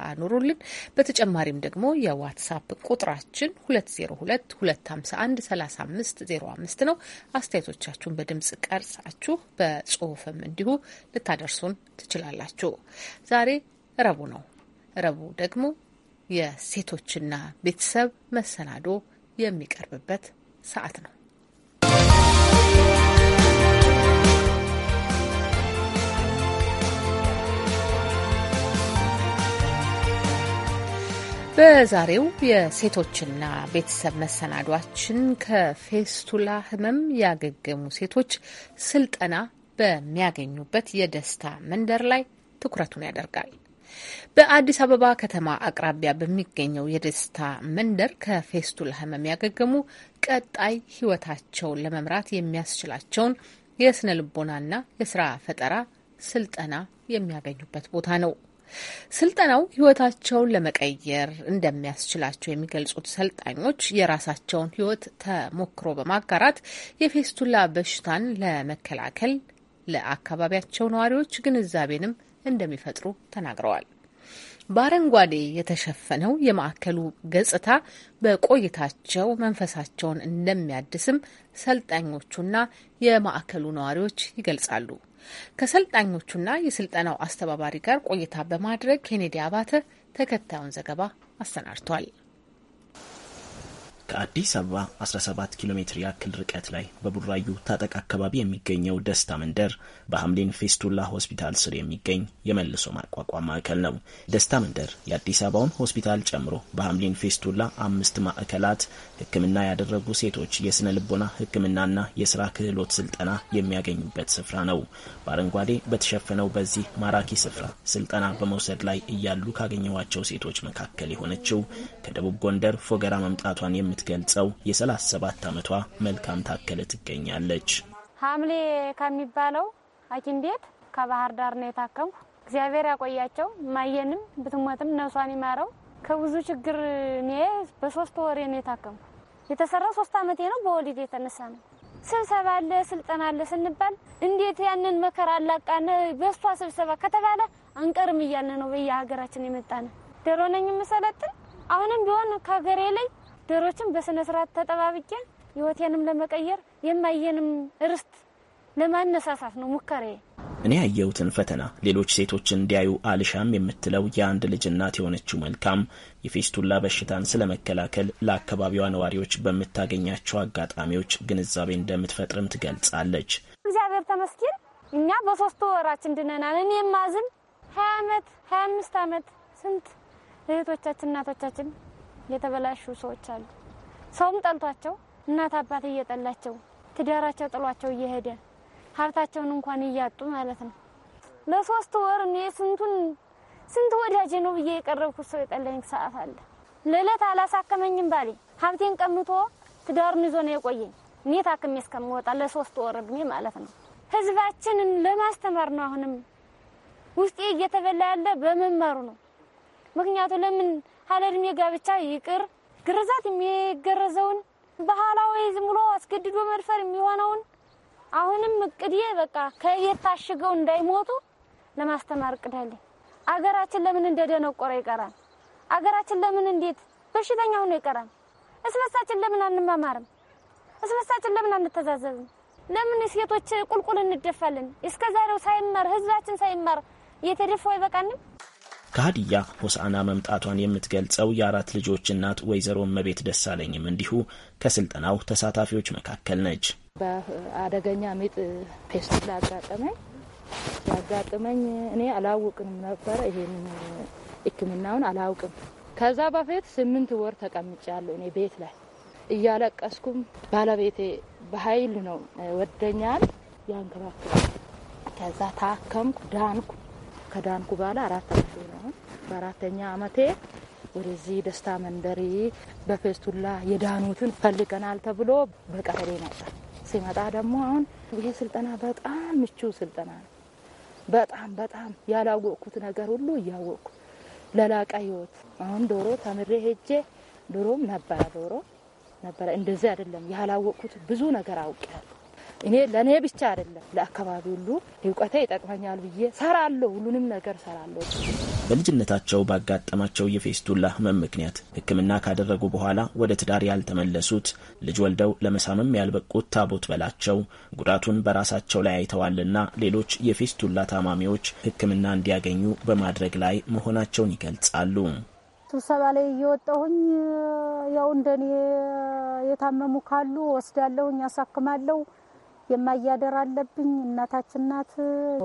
አኑሩልን። በተጨማሪም ደግሞ የዋትሳፕ ቁጥራችን 2022513505 ነው። አስተያየቶቻችሁን በድምጽ ቀርጻችሁ በጽሁፍም እንዲሁ ልታደርሱን ትችላላችሁ። ዛሬ ረቡ ነው። ረቡ ደግሞ የሴቶችና ቤተሰብ መሰናዶ የሚቀርብበት ሰዓት ነው። በዛሬው የሴቶችና ቤተሰብ መሰናዷችን ከፌስቱላ ህመም ያገገሙ ሴቶች ስልጠና በሚያገኙበት የደስታ መንደር ላይ ትኩረቱን ያደርጋል። በአዲስ አበባ ከተማ አቅራቢያ በሚገኘው የደስታ መንደር ከፌስቱላ ህመም ያገገሙ ቀጣይ ህይወታቸውን ለመምራት የሚያስችላቸውን የስነ ልቦናና የስራ ፈጠራ ስልጠና የሚያገኙበት ቦታ ነው። ስልጠናው ህይወታቸውን ለመቀየር እንደሚያስችላቸው የሚገልጹት ሰልጣኞች የራሳቸውን ህይወት ተሞክሮ በማጋራት የፌስቱላ በሽታን ለመከላከል ለአካባቢያቸው ነዋሪዎች ግንዛቤንም እንደሚፈጥሩ ተናግረዋል። በአረንጓዴ የተሸፈነው የማዕከሉ ገጽታ በቆይታቸው መንፈሳቸውን እንደሚያድስም ሰልጣኞቹና የማዕከሉ ነዋሪዎች ይገልጻሉ። ከሰልጣኞቹና የስልጠናው አስተባባሪ ጋር ቆይታ በማድረግ ኬኔዲ አባተ ተከታዩን ዘገባ አሰናድቷል። ከአዲስ አበባ 17 ኪሎ ሜትር ያክል ርቀት ላይ በቡራዩ ታጠቅ አካባቢ የሚገኘው ደስታ መንደር በሐምሊን ፌስቱላ ሆስፒታል ስር የሚገኝ የመልሶ ማቋቋም ማዕከል ነው። ደስታ መንደር የአዲስ አበባውን ሆስፒታል ጨምሮ በሐምሊን ፌስቱላ አምስት ማዕከላት ሕክምና ያደረጉ ሴቶች የስነ ልቦና ሕክምናና የስራ ክህሎት ስልጠና የሚያገኙበት ስፍራ ነው። በአረንጓዴ በተሸፈነው በዚህ ማራኪ ስፍራ ስልጠና በመውሰድ ላይ እያሉ ካገኘዋቸው ሴቶች መካከል የሆነችው ከደቡብ ጎንደር ፎገራ መምጣቷን የሚ የምትገልጸው የ37 ዓመቷ መልካም ታከለ ትገኛለች። ሐምሌ ከሚባለው ሐኪም ቤት ከባህር ዳር ነው የታከምኩ። እግዚአብሔር ያቆያቸው። ማየንም ብትሞትም ነሷን ይማረው። ከብዙ ችግር እኔ በሶስት ወሬ ነው የታከምኩ። የተሰራ ሶስት ዓመቴ ነው። በወሊድ የተነሳ ነው። ስብሰባ አለ ስልጠና አለ ስንባል እንዴት ያንን መከራ አላቃነ በእሷ ስብሰባ ከተባለ አንቀርም እያለ ነው በየሀገራችን የመጣ ነው። ዶሮ ነኝ የምሰለጥን አሁንም ቢሆን ከሀገሬ ላይ ዶሮችን በስነ ስርዓት ተጠባብቄ ህይወቴንም ለመቀየር የማየንም ርስት ለማነሳሳት ነው ሙከሬ። እኔ ያየሁትን ፈተና ሌሎች ሴቶች እንዲያዩ አልሻም የምትለው የአንድ ልጅ እናት የሆነችው መልካም የፌስቱላ በሽታን ስለመከላከል ለአካባቢዋ ነዋሪዎች በምታገኛቸው አጋጣሚዎች ግንዛቤ እንደምትፈጥርም ትገልጻለች። እግዚአብሔር ተመስገን እኛ በሶስቱ ወራችን ድነናል። እኔ የማዝን ሀያ አመት ሀያ አምስት አመት ስንት እህቶቻችን እናቶቻችን የተበላሹ ሰዎች አሉ። ሰውም ጠልቷቸው፣ እናት አባት እየጠላቸው፣ ትዳራቸው ጥሏቸው እየሄደ ሀብታቸውን እንኳን እያጡ ማለት ነው። ለሶስት ወር እኔ ስንቱን ስንት ወዳጅ ነው ብዬ የቀረብኩት ሰው የጠለኝ ሰዓት አለ። ለእለት አላሳከመኝም ባሌ ሀብቴን ቀምቶ ትዳሩን ይዞ ነው የቆየኝ። እኔ ታክሜ እስከምወጣ ለሶስት ወር እድሜ ማለት ነው። ህዝባችንን ለማስተማር ነው አሁንም ውስጤ እየተበላ ያለ በመማሩ ነው። ምክንያቱ ለምን አለ እድሜ ጋብቻ ይቅር ግርዛት የሚገረዘውን ባህላዊ ዝም ብሎ አስገድዶ መድፈር የሚሆነውን አሁንም እቅዴ በቃ ከየት ታሽገው እንዳይሞቱ ለማስተማር እቅዳለኝ። አገራችን ለምን እንደደነቆረ ይቀራል? አገራችን ለምን እንዴት በሽተኛ ሆኖ ይቀራል? እስበሳችን ለምን አንማማርም? እስበሳችን ለምን አንተዛዘብም? ለምን ሴቶች ቁልቁል እንደፋለን? እስከዛሬው ሳይማር ህዝባችን ሳይማር እየተደፋ ይበቃንም። ከሀዲያ ሆሳና መምጣቷን የምትገልጸው የአራት ልጆች እናት ወይዘሮ እመቤት ደሳለኝም እንዲሁ ከስልጠናው ተሳታፊዎች መካከል ነች። በአደገኛ ሚጥ ፔስት ላጋጠመኝ ያጋጥመኝ እኔ አላውቅም ነበረ። ይሄን ሕክምናውን አላውቅም። ከዛ በፊት ስምንት ወር ተቀምጫለሁ እኔ ቤት ላይ እያለቀስኩም ባለቤቴ በኃይል ነው ወደኛል ያንከባክባል። ከዛ ታከምኩ ዳንኩ። ከዳንኩ በኋላ አራት አመት ነው። በአራተኛ አመቴ ወደዚህ ደስታ መንደሪ በፌስቱላ የዳኑትን ፈልገናል ተብሎ በቀበሌ መጣ። ሲመጣ ደግሞ አሁን ይሄ ስልጠና በጣም ምቹ ስልጠና ነው። በጣም በጣም ያላወቅኩት ነገር ሁሉ እያወቅኩ ለላቀ ህይወት አሁን ዶሮ ተምሬ ሄጄ ዶሮም ነበረ ዶሮ ነበረ እንደዚህ አይደለም ያላወቅኩት ብዙ ነገር አውቄያለሁ። እኔ ለእኔ ብቻ አይደለም ለአካባቢ ሁሉ እውቀቴ ይጠቅመኛል ብዬ ሰራለሁ፣ ሁሉንም ነገር ሰራለሁ። በልጅነታቸው ባጋጠማቸው የፌስቱላ ህመም ምክንያት ሕክምና ካደረጉ በኋላ ወደ ትዳር ያልተመለሱት ልጅ ወልደው ለመሳምም ያልበቁት ታቦት በላቸው ጉዳቱን በራሳቸው ላይ አይተዋልና ሌሎች የፌስቱላ ታማሚዎች ሕክምና እንዲያገኙ በማድረግ ላይ መሆናቸውን ይገልጻሉ። ስብሰባ ላይ እየወጣሁኝ ያው እንደኔ የታመሙ ካሉ ወስዳለሁኝ፣ ያሳክማለሁ የማያደር አለብኝ እናታችን ናት።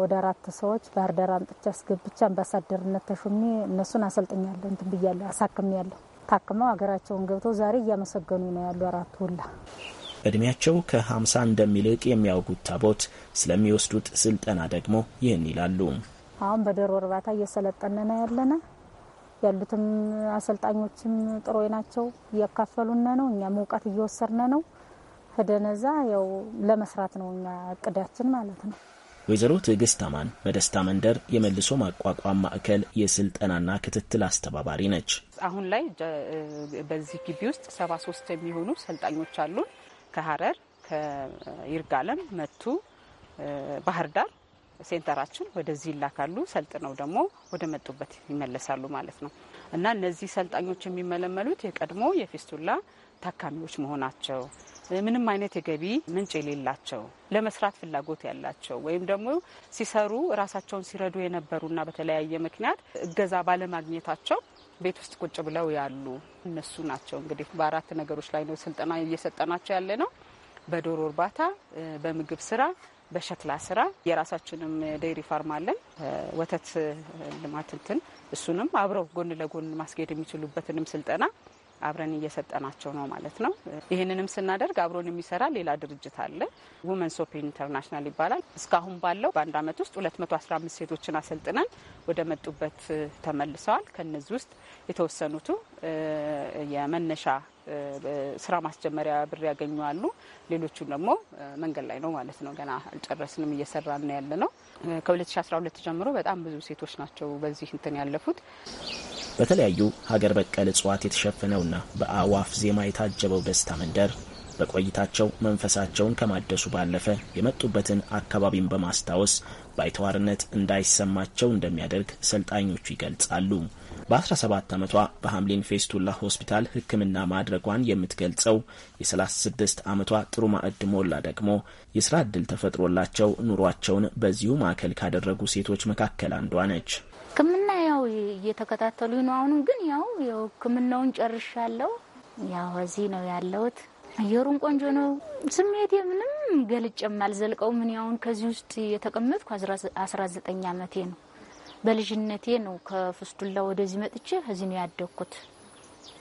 ወደ አራት ሰዎች ባህር ዳር አምጥቼ አስገብቼ አምባሳደርነት ተሹሜ እነሱን አሰልጥኛለሁ፣ እንትን ብያለሁ፣ አሳክሜያለሁ። ታክመው ሀገራቸውን ገብተው ዛሬ እያመሰገኑ ነው ያሉ አራት ሁላ እድሜያቸው ከ50 እንደሚልቅ የሚያውጉት ታቦት ስለሚወስዱት ስልጠና ደግሞ ይህን ይላሉ። አሁን በዶሮ እርባታ እየሰለጠንነ ያለነ ያሉትም አሰልጣኞችም ጥሮ ናቸው፣ እያካፈሉነ ነው። እኛም እውቀት እየወሰድነ ነው። ከደነዛ ያው ለመስራት ነው እኛ እቅዳችን ማለት ነው። ወይዘሮ ትዕግስት አማን በደስታ መንደር የመልሶ ማቋቋም ማዕከል የስልጠናና ክትትል አስተባባሪ ነች። አሁን ላይ በዚህ ግቢ ውስጥ ሰባ ሶስት የሚሆኑ ሰልጣኞች አሉን። ከሀረር፣ ከይርጋለም፣ መቱ፣ ባህር ዳር ሴንተራችን ወደዚህ ይላካሉ። ሰልጥነው ደግሞ ወደ መጡበት ይመለሳሉ ማለት ነው እና እነዚህ ሰልጣኞች የሚመለመሉት የቀድሞ የፊስቱላ ታካሚዎች መሆናቸው ምንም አይነት የገቢ ምንጭ የሌላቸው ለመስራት ፍላጎት ያላቸው ወይም ደግሞ ሲሰሩ ራሳቸውን ሲረዱ የነበሩና በተለያየ ምክንያት እገዛ ባለማግኘታቸው ቤት ውስጥ ቁጭ ብለው ያሉ እነሱ ናቸው። እንግዲህ በአራት ነገሮች ላይ ነው ስልጠና እየሰጠናቸው ያለ ነው። በዶሮ እርባታ፣ በምግብ ስራ፣ በሸክላ ስራ የራሳችንም ዴይሪ ፋርም አለን። ወተት ልማት እንትን እሱንም አብረው ጎን ለጎን ማስጌድ የሚችሉበትንም ስልጠና አብረን እየሰጠናቸው ነው ማለት ነው። ይህንንም ስናደርግ አብሮን የሚሰራ ሌላ ድርጅት አለ፣ ውመን ሶፕ ኢንተርናሽናል ይባላል። እስካሁን ባለው በአንድ አመት ውስጥ 215 ሴቶችን አሰልጥነን ወደ መጡበት ተመልሰዋል። ከነዚህ ውስጥ የተወሰኑቱ የመነሻ ስራ ማስጀመሪያ ብር ያገኙ አሉ። ሌሎቹን ደግሞ መንገድ ላይ ነው ማለት ነው። ገና አልጨረስንም፣ እየሰራን ነው ያለ ነው። ከ2012 ጀምሮ በጣም ብዙ ሴቶች ናቸው በዚህ እንትን ያለፉት። በተለያዩ ሀገር በቀል እጽዋት የተሸፈነውና በአዋፍ ዜማ የታጀበው ደስታ መንደር በቆይታቸው መንፈሳቸውን ከማደሱ ባለፈ የመጡበትን አካባቢን በማስታወስ ባይተዋርነት እንዳይሰማቸው እንደሚያደርግ ሰልጣኞቹ ይገልጻሉ። በ17 ዓመቷ በሐምሊን ፌስቱላ ሆስፒታል ሕክምና ማድረጓን የምትገልጸው የ36 ዓመቷ ጥሩ ማዕድ ሞላ ደግሞ የስራ ዕድል ተፈጥሮላቸው ኑሯቸውን በዚሁ ማዕከል ካደረጉ ሴቶች መካከል አንዷ ነች። ሕክምና ያው እየተከታተሉ ነው። አሁንም ግን ያው ሕክምናውን ጨርሻለሁ። ያው እዚህ ነው ያለሁት። አየሩን ቆንጆ ነው። ስሜቴ ምንም ገልጬም አልዘልቀው። ምን ያውን ከዚህ ውስጥ የተቀመጥኩ አስራ ዘጠኝ አመቴ ነው። በልጅነቴ ነው ከፍስቱላ ወደዚህ መጥቼ እዚህ ነው ያደግኩት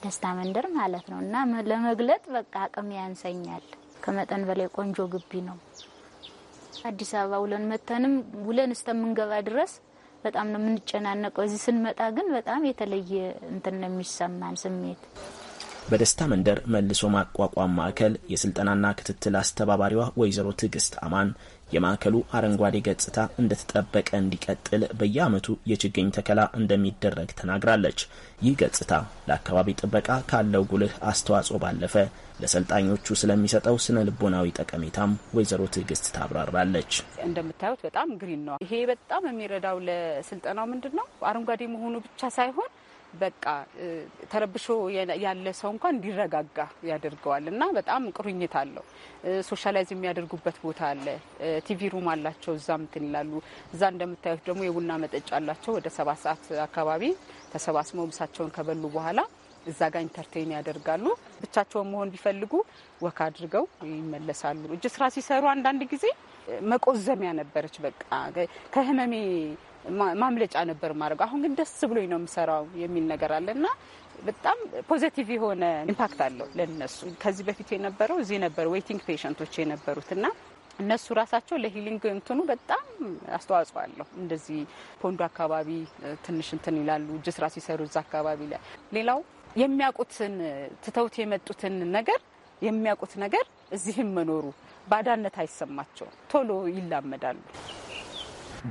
ደስታ መንደር ማለት ነው። እና ለመግለጥ በቃ አቅም ያንሰኛል። ከመጠን በላይ ቆንጆ ግቢ ነው። አዲስ አበባ ውለን መተንም ውለን እስከምንገባ ድረስ በጣም ነው የምንጨናነቀው። እዚህ ስንመጣ ግን በጣም የተለየ እንትን ነው የሚሰማን ስሜት በደስታ መንደር መልሶ ማቋቋም ማዕከል የስልጠናና ክትትል አስተባባሪዋ ወይዘሮ ትዕግስት አማን የማዕከሉ አረንጓዴ ገጽታ እንደተጠበቀ እንዲቀጥል በየዓመቱ የችግኝ ተከላ እንደሚደረግ ተናግራለች። ይህ ገጽታ ለአካባቢ ጥበቃ ካለው ጉልህ አስተዋጽኦ ባለፈ ለሰልጣኞቹ ስለሚሰጠው ስነ ልቦናዊ ጠቀሜታም ወይዘሮ ትዕግስት ታብራራለች። እንደምታዩት በጣም ግሪን ነው። ይሄ በጣም የሚረዳው ለስልጠናው ምንድን ነው አረንጓዴ መሆኑ ብቻ ሳይሆን በቃ ተረብሾ ያለ ሰው እንኳን እንዲረጋጋ ያደርገዋል እና በጣም ቁርኝት አለው። ሶሻላይዝ የሚያደርጉበት ቦታ አለ። ቲቪ ሩም አላቸው። እዛ ምትን ይላሉ። እዛ እንደምታዩት ደግሞ የቡና መጠጫ አላቸው። ወደ ሰባት ሰዓት አካባቢ ተሰባስበው ምሳቸውን ከበሉ በኋላ እዛ ጋር ኢንተርቴን ያደርጋሉ። ብቻቸውን መሆን ቢፈልጉ ወካ አድርገው ይመለሳሉ። እጅ ስራ ሲሰሩ አንዳንድ ጊዜ መቆዘሚያ ነበረች። በቃ ከህመሜ ማምለጫ ነበር ማድረግ። አሁን ግን ደስ ብሎኝ ነው የምሰራው የሚል ነገር አለ እና በጣም ፖዘቲቭ የሆነ ኢምፓክት አለው ለነሱ። ከዚህ በፊት የነበረው እዚህ ነበር ዌይቲንግ ፔሸንቶች የነበሩት እና እነሱ ራሳቸው ለሂሊንግ እንትኑ በጣም አስተዋጽኦ አለው። እንደዚህ ፖንዱ አካባቢ ትንሽ እንትን ይላሉ፣ እጅ ስራ ሲሰሩ እዛ አካባቢ ላይ ሌላው የሚያውቁትን ትተውት የመጡትን ነገር የሚያውቁት ነገር እዚህም መኖሩ ባዳነት አይሰማቸውም፣ ቶሎ ይላመዳሉ።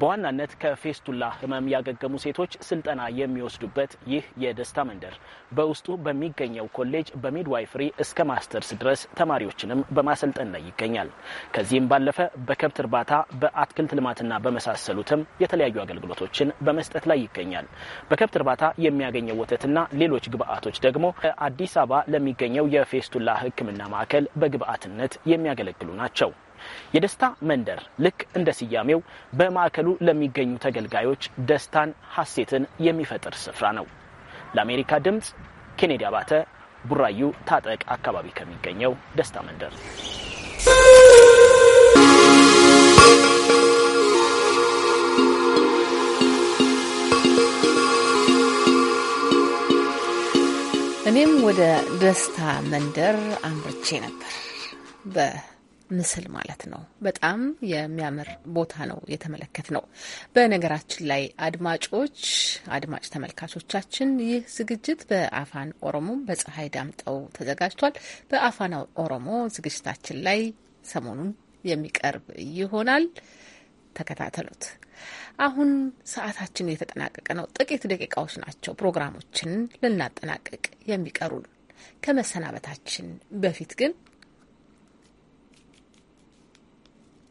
በዋናነት ከፌስቱላ ህመም ያገገሙ ሴቶች ስልጠና የሚወስዱበት ይህ የደስታ መንደር በውስጡ በሚገኘው ኮሌጅ በሚድዋይፍሪ እስከ ማስተርስ ድረስ ተማሪዎችንም በማሰልጠን ላይ ይገኛል። ከዚህም ባለፈ በከብት እርባታ፣ በአትክልት ልማትና በመሳሰሉትም የተለያዩ አገልግሎቶችን በመስጠት ላይ ይገኛል። በከብት እርባታ የሚያገኘው ወተትና ሌሎች ግብአቶች ደግሞ ከአዲስ አበባ ለሚገኘው የፌስቱላ ህክምና ማዕከል በግብአትነት የሚያገለግሉ ናቸው። የደስታ መንደር ልክ እንደ ስያሜው በማዕከሉ ለሚገኙ ተገልጋዮች ደስታን፣ ሐሴትን የሚፈጥር ስፍራ ነው። ለአሜሪካ ድምፅ ኬኔዲ አባተ ቡራዩ ታጠቅ አካባቢ ከሚገኘው ደስታ መንደር እኔም ወደ ደስታ መንደር አምርቼ ነበር በ ምስል ማለት ነው። በጣም የሚያምር ቦታ ነው የተመለከት ነው። በነገራችን ላይ አድማጮች አድማጭ ተመልካቾቻችን ይህ ዝግጅት በአፋን ኦሮሞ በፀሐይ ዳምጠው ተዘጋጅቷል። በአፋን ኦሮሞ ዝግጅታችን ላይ ሰሞኑን የሚቀርብ ይሆናል። ተከታተሉት። አሁን ሰዓታችን የተጠናቀቀ ነው። ጥቂት ደቂቃዎች ናቸው ፕሮግራሞችን ልናጠናቀቅ የሚቀሩን። ከመሰናበታችን በፊት ግን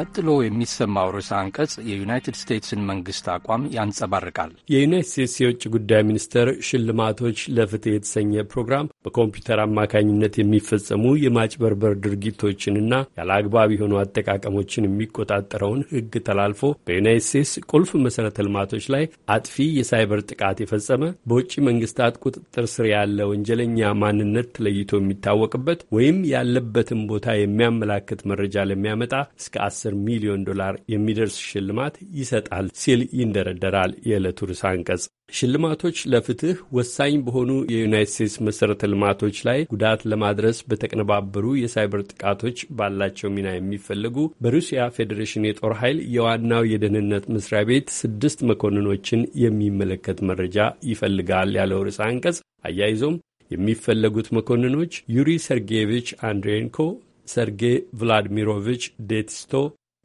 ቀጥሎ የሚሰማው ርዕሰ አንቀጽ የዩናይትድ ስቴትስን መንግስት አቋም ያንጸባርቃል። የዩናይት ስቴትስ የውጭ ጉዳይ ሚኒስቴር ሽልማቶች ለፍትህ የተሰኘ ፕሮግራም በኮምፒውተር አማካኝነት የሚፈጸሙ የማጭበርበር ድርጊቶችንና ያለ አግባብ የሆኑ አጠቃቀሞችን የሚቆጣጠረውን ህግ ተላልፎ በዩናይት ስቴትስ ቁልፍ መሠረተ ልማቶች ላይ አጥፊ የሳይበር ጥቃት የፈጸመ በውጭ መንግስታት ቁጥጥር ስር ያለ ወንጀለኛ ማንነት ተለይቶ የሚታወቅበት ወይም ያለበትን ቦታ የሚያመላክት መረጃ ለሚያመጣ እስከ 10 ሚሊዮን ዶላር የሚደርስ ሽልማት ይሰጣል ሲል ይንደረደራል የዕለቱ ርዕሰ አንቀጽ። ሽልማቶች ለፍትህ ወሳኝ በሆኑ የዩናይት ስቴትስ መሠረተ ልማቶች ላይ ጉዳት ለማድረስ በተቀነባበሩ የሳይበር ጥቃቶች ባላቸው ሚና የሚፈለጉ በሩሲያ ፌዴሬሽን የጦር ኃይል የዋናው የደህንነት መስሪያ ቤት ስድስት መኮንኖችን የሚመለከት መረጃ ይፈልጋል ያለው ርዕሰ አንቀጽ አያይዞም የሚፈለጉት መኮንኖች ዩሪ ሰርጌቪች አንድሬንኮ ሰርጌይ ቭላድሚሮቪች ዴቲስቶ፣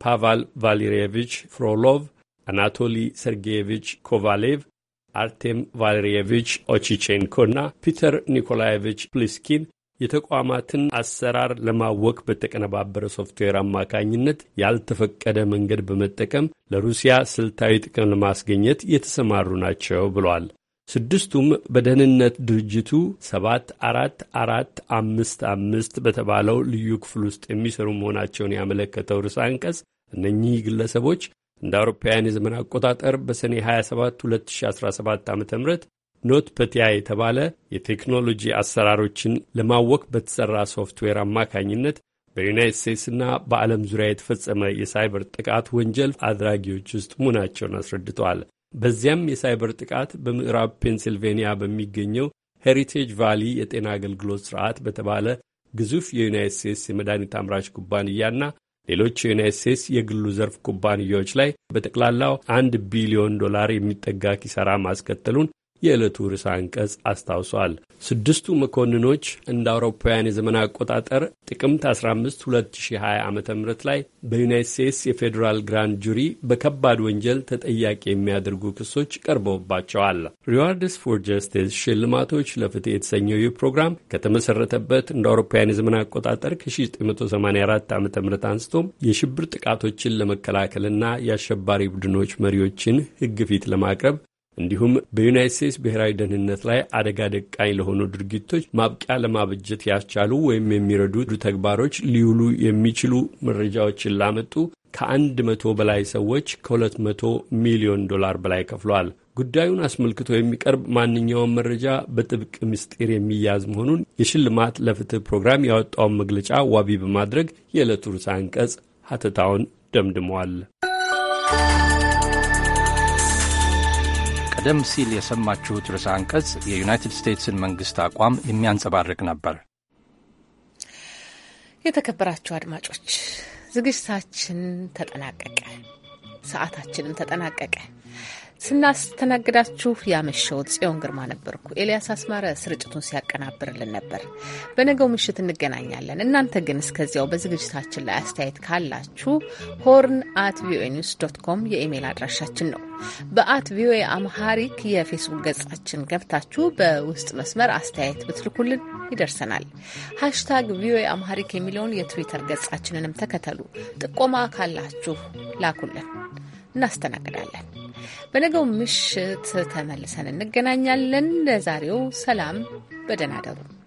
ፓቫል ቫሌሪየቪች ፍሮሎቭ፣ አናቶሊ ሰርጌየቪች ኮቫሌቭ፣ አርቴም ቫሌሪየቪች እና ፒተር ኒኮላየቪች ፕሊስኪን የተቋማትን አሰራር ለማወቅ በተቀነባበረ ሶፍትዌር አማካኝነት ያልተፈቀደ መንገድ በመጠቀም ለሩሲያ ስልታዊ ጥቅም ለማስገኘት የተሰማሩ ናቸው ብሏል። ስድስቱም በደህንነት ድርጅቱ 74455 በተባለው ልዩ ክፍል ውስጥ የሚሰሩ መሆናቸውን ያመለከተው ርዕሰ አንቀጽ እነኚህ ግለሰቦች እንደ አውሮፓውያን የዘመን አቆጣጠር በሰኔ 27 2017 ዓ ም ኖት ፐቲያ የተባለ የቴክኖሎጂ አሰራሮችን ለማወቅ በተሠራ ሶፍትዌር አማካኝነት በዩናይት ስቴትስና በዓለም ዙሪያ የተፈጸመ የሳይበር ጥቃት ወንጀል አድራጊዎች ውስጥ መሆናቸውን አስረድተዋል። በዚያም የሳይበር ጥቃት በምዕራብ ፔንሲልቬንያ በሚገኘው ሄሪቴጅ ቫሊ የጤና አገልግሎት ስርዓት በተባለ ግዙፍ የዩናይት ስቴትስ የመድኃኒት አምራች ኩባንያና ሌሎች የዩናይት ስቴትስ የግሉ ዘርፍ ኩባንያዎች ላይ በጠቅላላው አንድ ቢሊዮን ዶላር የሚጠጋ ኪሳራ ማስከተሉን የዕለቱ ርዕሰ አንቀጽ አስታውሷል። ስድስቱ መኮንኖች እንደ አውሮፓውያን የዘመን አቆጣጠር ጥቅምት 15 2020 ዓ ም ላይ በዩናይት ስቴትስ የፌዴራል ግራንድ ጁሪ በከባድ ወንጀል ተጠያቂ የሚያደርጉ ክሶች ቀርበውባቸዋል። ሪዋርድስ ፎር ጀስቲስ ሽልማቶች ለፍትህ የተሰኘው ይህ ፕሮግራም ከተመሠረተበት እንደ አውሮፓውያን የዘመን አቆጣጠር ከ1984 ዓ ም አንስቶም የሽብር ጥቃቶችን ለመከላከልና የአሸባሪ ቡድኖች መሪዎችን ህግ ፊት ለማቅረብ እንዲሁም በዩናይት ስቴትስ ብሔራዊ ደህንነት ላይ አደጋ ደቃኝ ለሆኑ ድርጊቶች ማብቂያ ለማበጀት ያስቻሉ ወይም የሚረዱ ተግባሮች ሊውሉ የሚችሉ መረጃዎችን ላመጡ ከአንድ መቶ በላይ ሰዎች ከሁለት መቶ ሚሊዮን ዶላር በላይ ከፍሏል። ጉዳዩን አስመልክቶ የሚቀርብ ማንኛውም መረጃ በጥብቅ ምስጢር የሚያዝ መሆኑን የሽልማት ለፍትህ ፕሮግራም ያወጣውን መግለጫ ዋቢ በማድረግ የዕለቱ ርዕሰ አንቀጽ ሀተታውን ደምድመዋል። ቀደም ሲል የሰማችሁት ርዕሰ አንቀጽ የዩናይትድ ስቴትስን መንግስት አቋም የሚያንጸባርቅ ነበር። የተከበራችሁ አድማጮች ዝግጅታችን ተጠናቀቀ፣ ሰዓታችንም ተጠናቀቀ። ስናስተናግዳችሁ ያመሸው ጽዮን ግርማ ነበርኩ። ኤልያስ አስማረ ስርጭቱን ሲያቀናብርልን ነበር። በነገው ምሽት እንገናኛለን። እናንተ ግን እስከዚያው በዝግጅታችን ላይ አስተያየት ካላችሁ ሆርን አት ቪኦኤ ኒውስ ዶት ኮም የኢሜይል አድራሻችን ነው። በአት ቪኦኤ አምሃሪክ የፌስቡክ ገጻችን ገብታችሁ በውስጥ መስመር አስተያየት ብትልኩልን ይደርሰናል። ሃሽታግ ቪኦኤ አምሃሪክ የሚለውን የትዊተር ገጻችንንም ተከተሉ። ጥቆማ ካላችሁ ላኩልን፣ እናስተናግዳለን። በነገው ምሽት ተመልሰን እንገናኛለን። ለዛሬው ሰላም፣ በደህና እደሩ።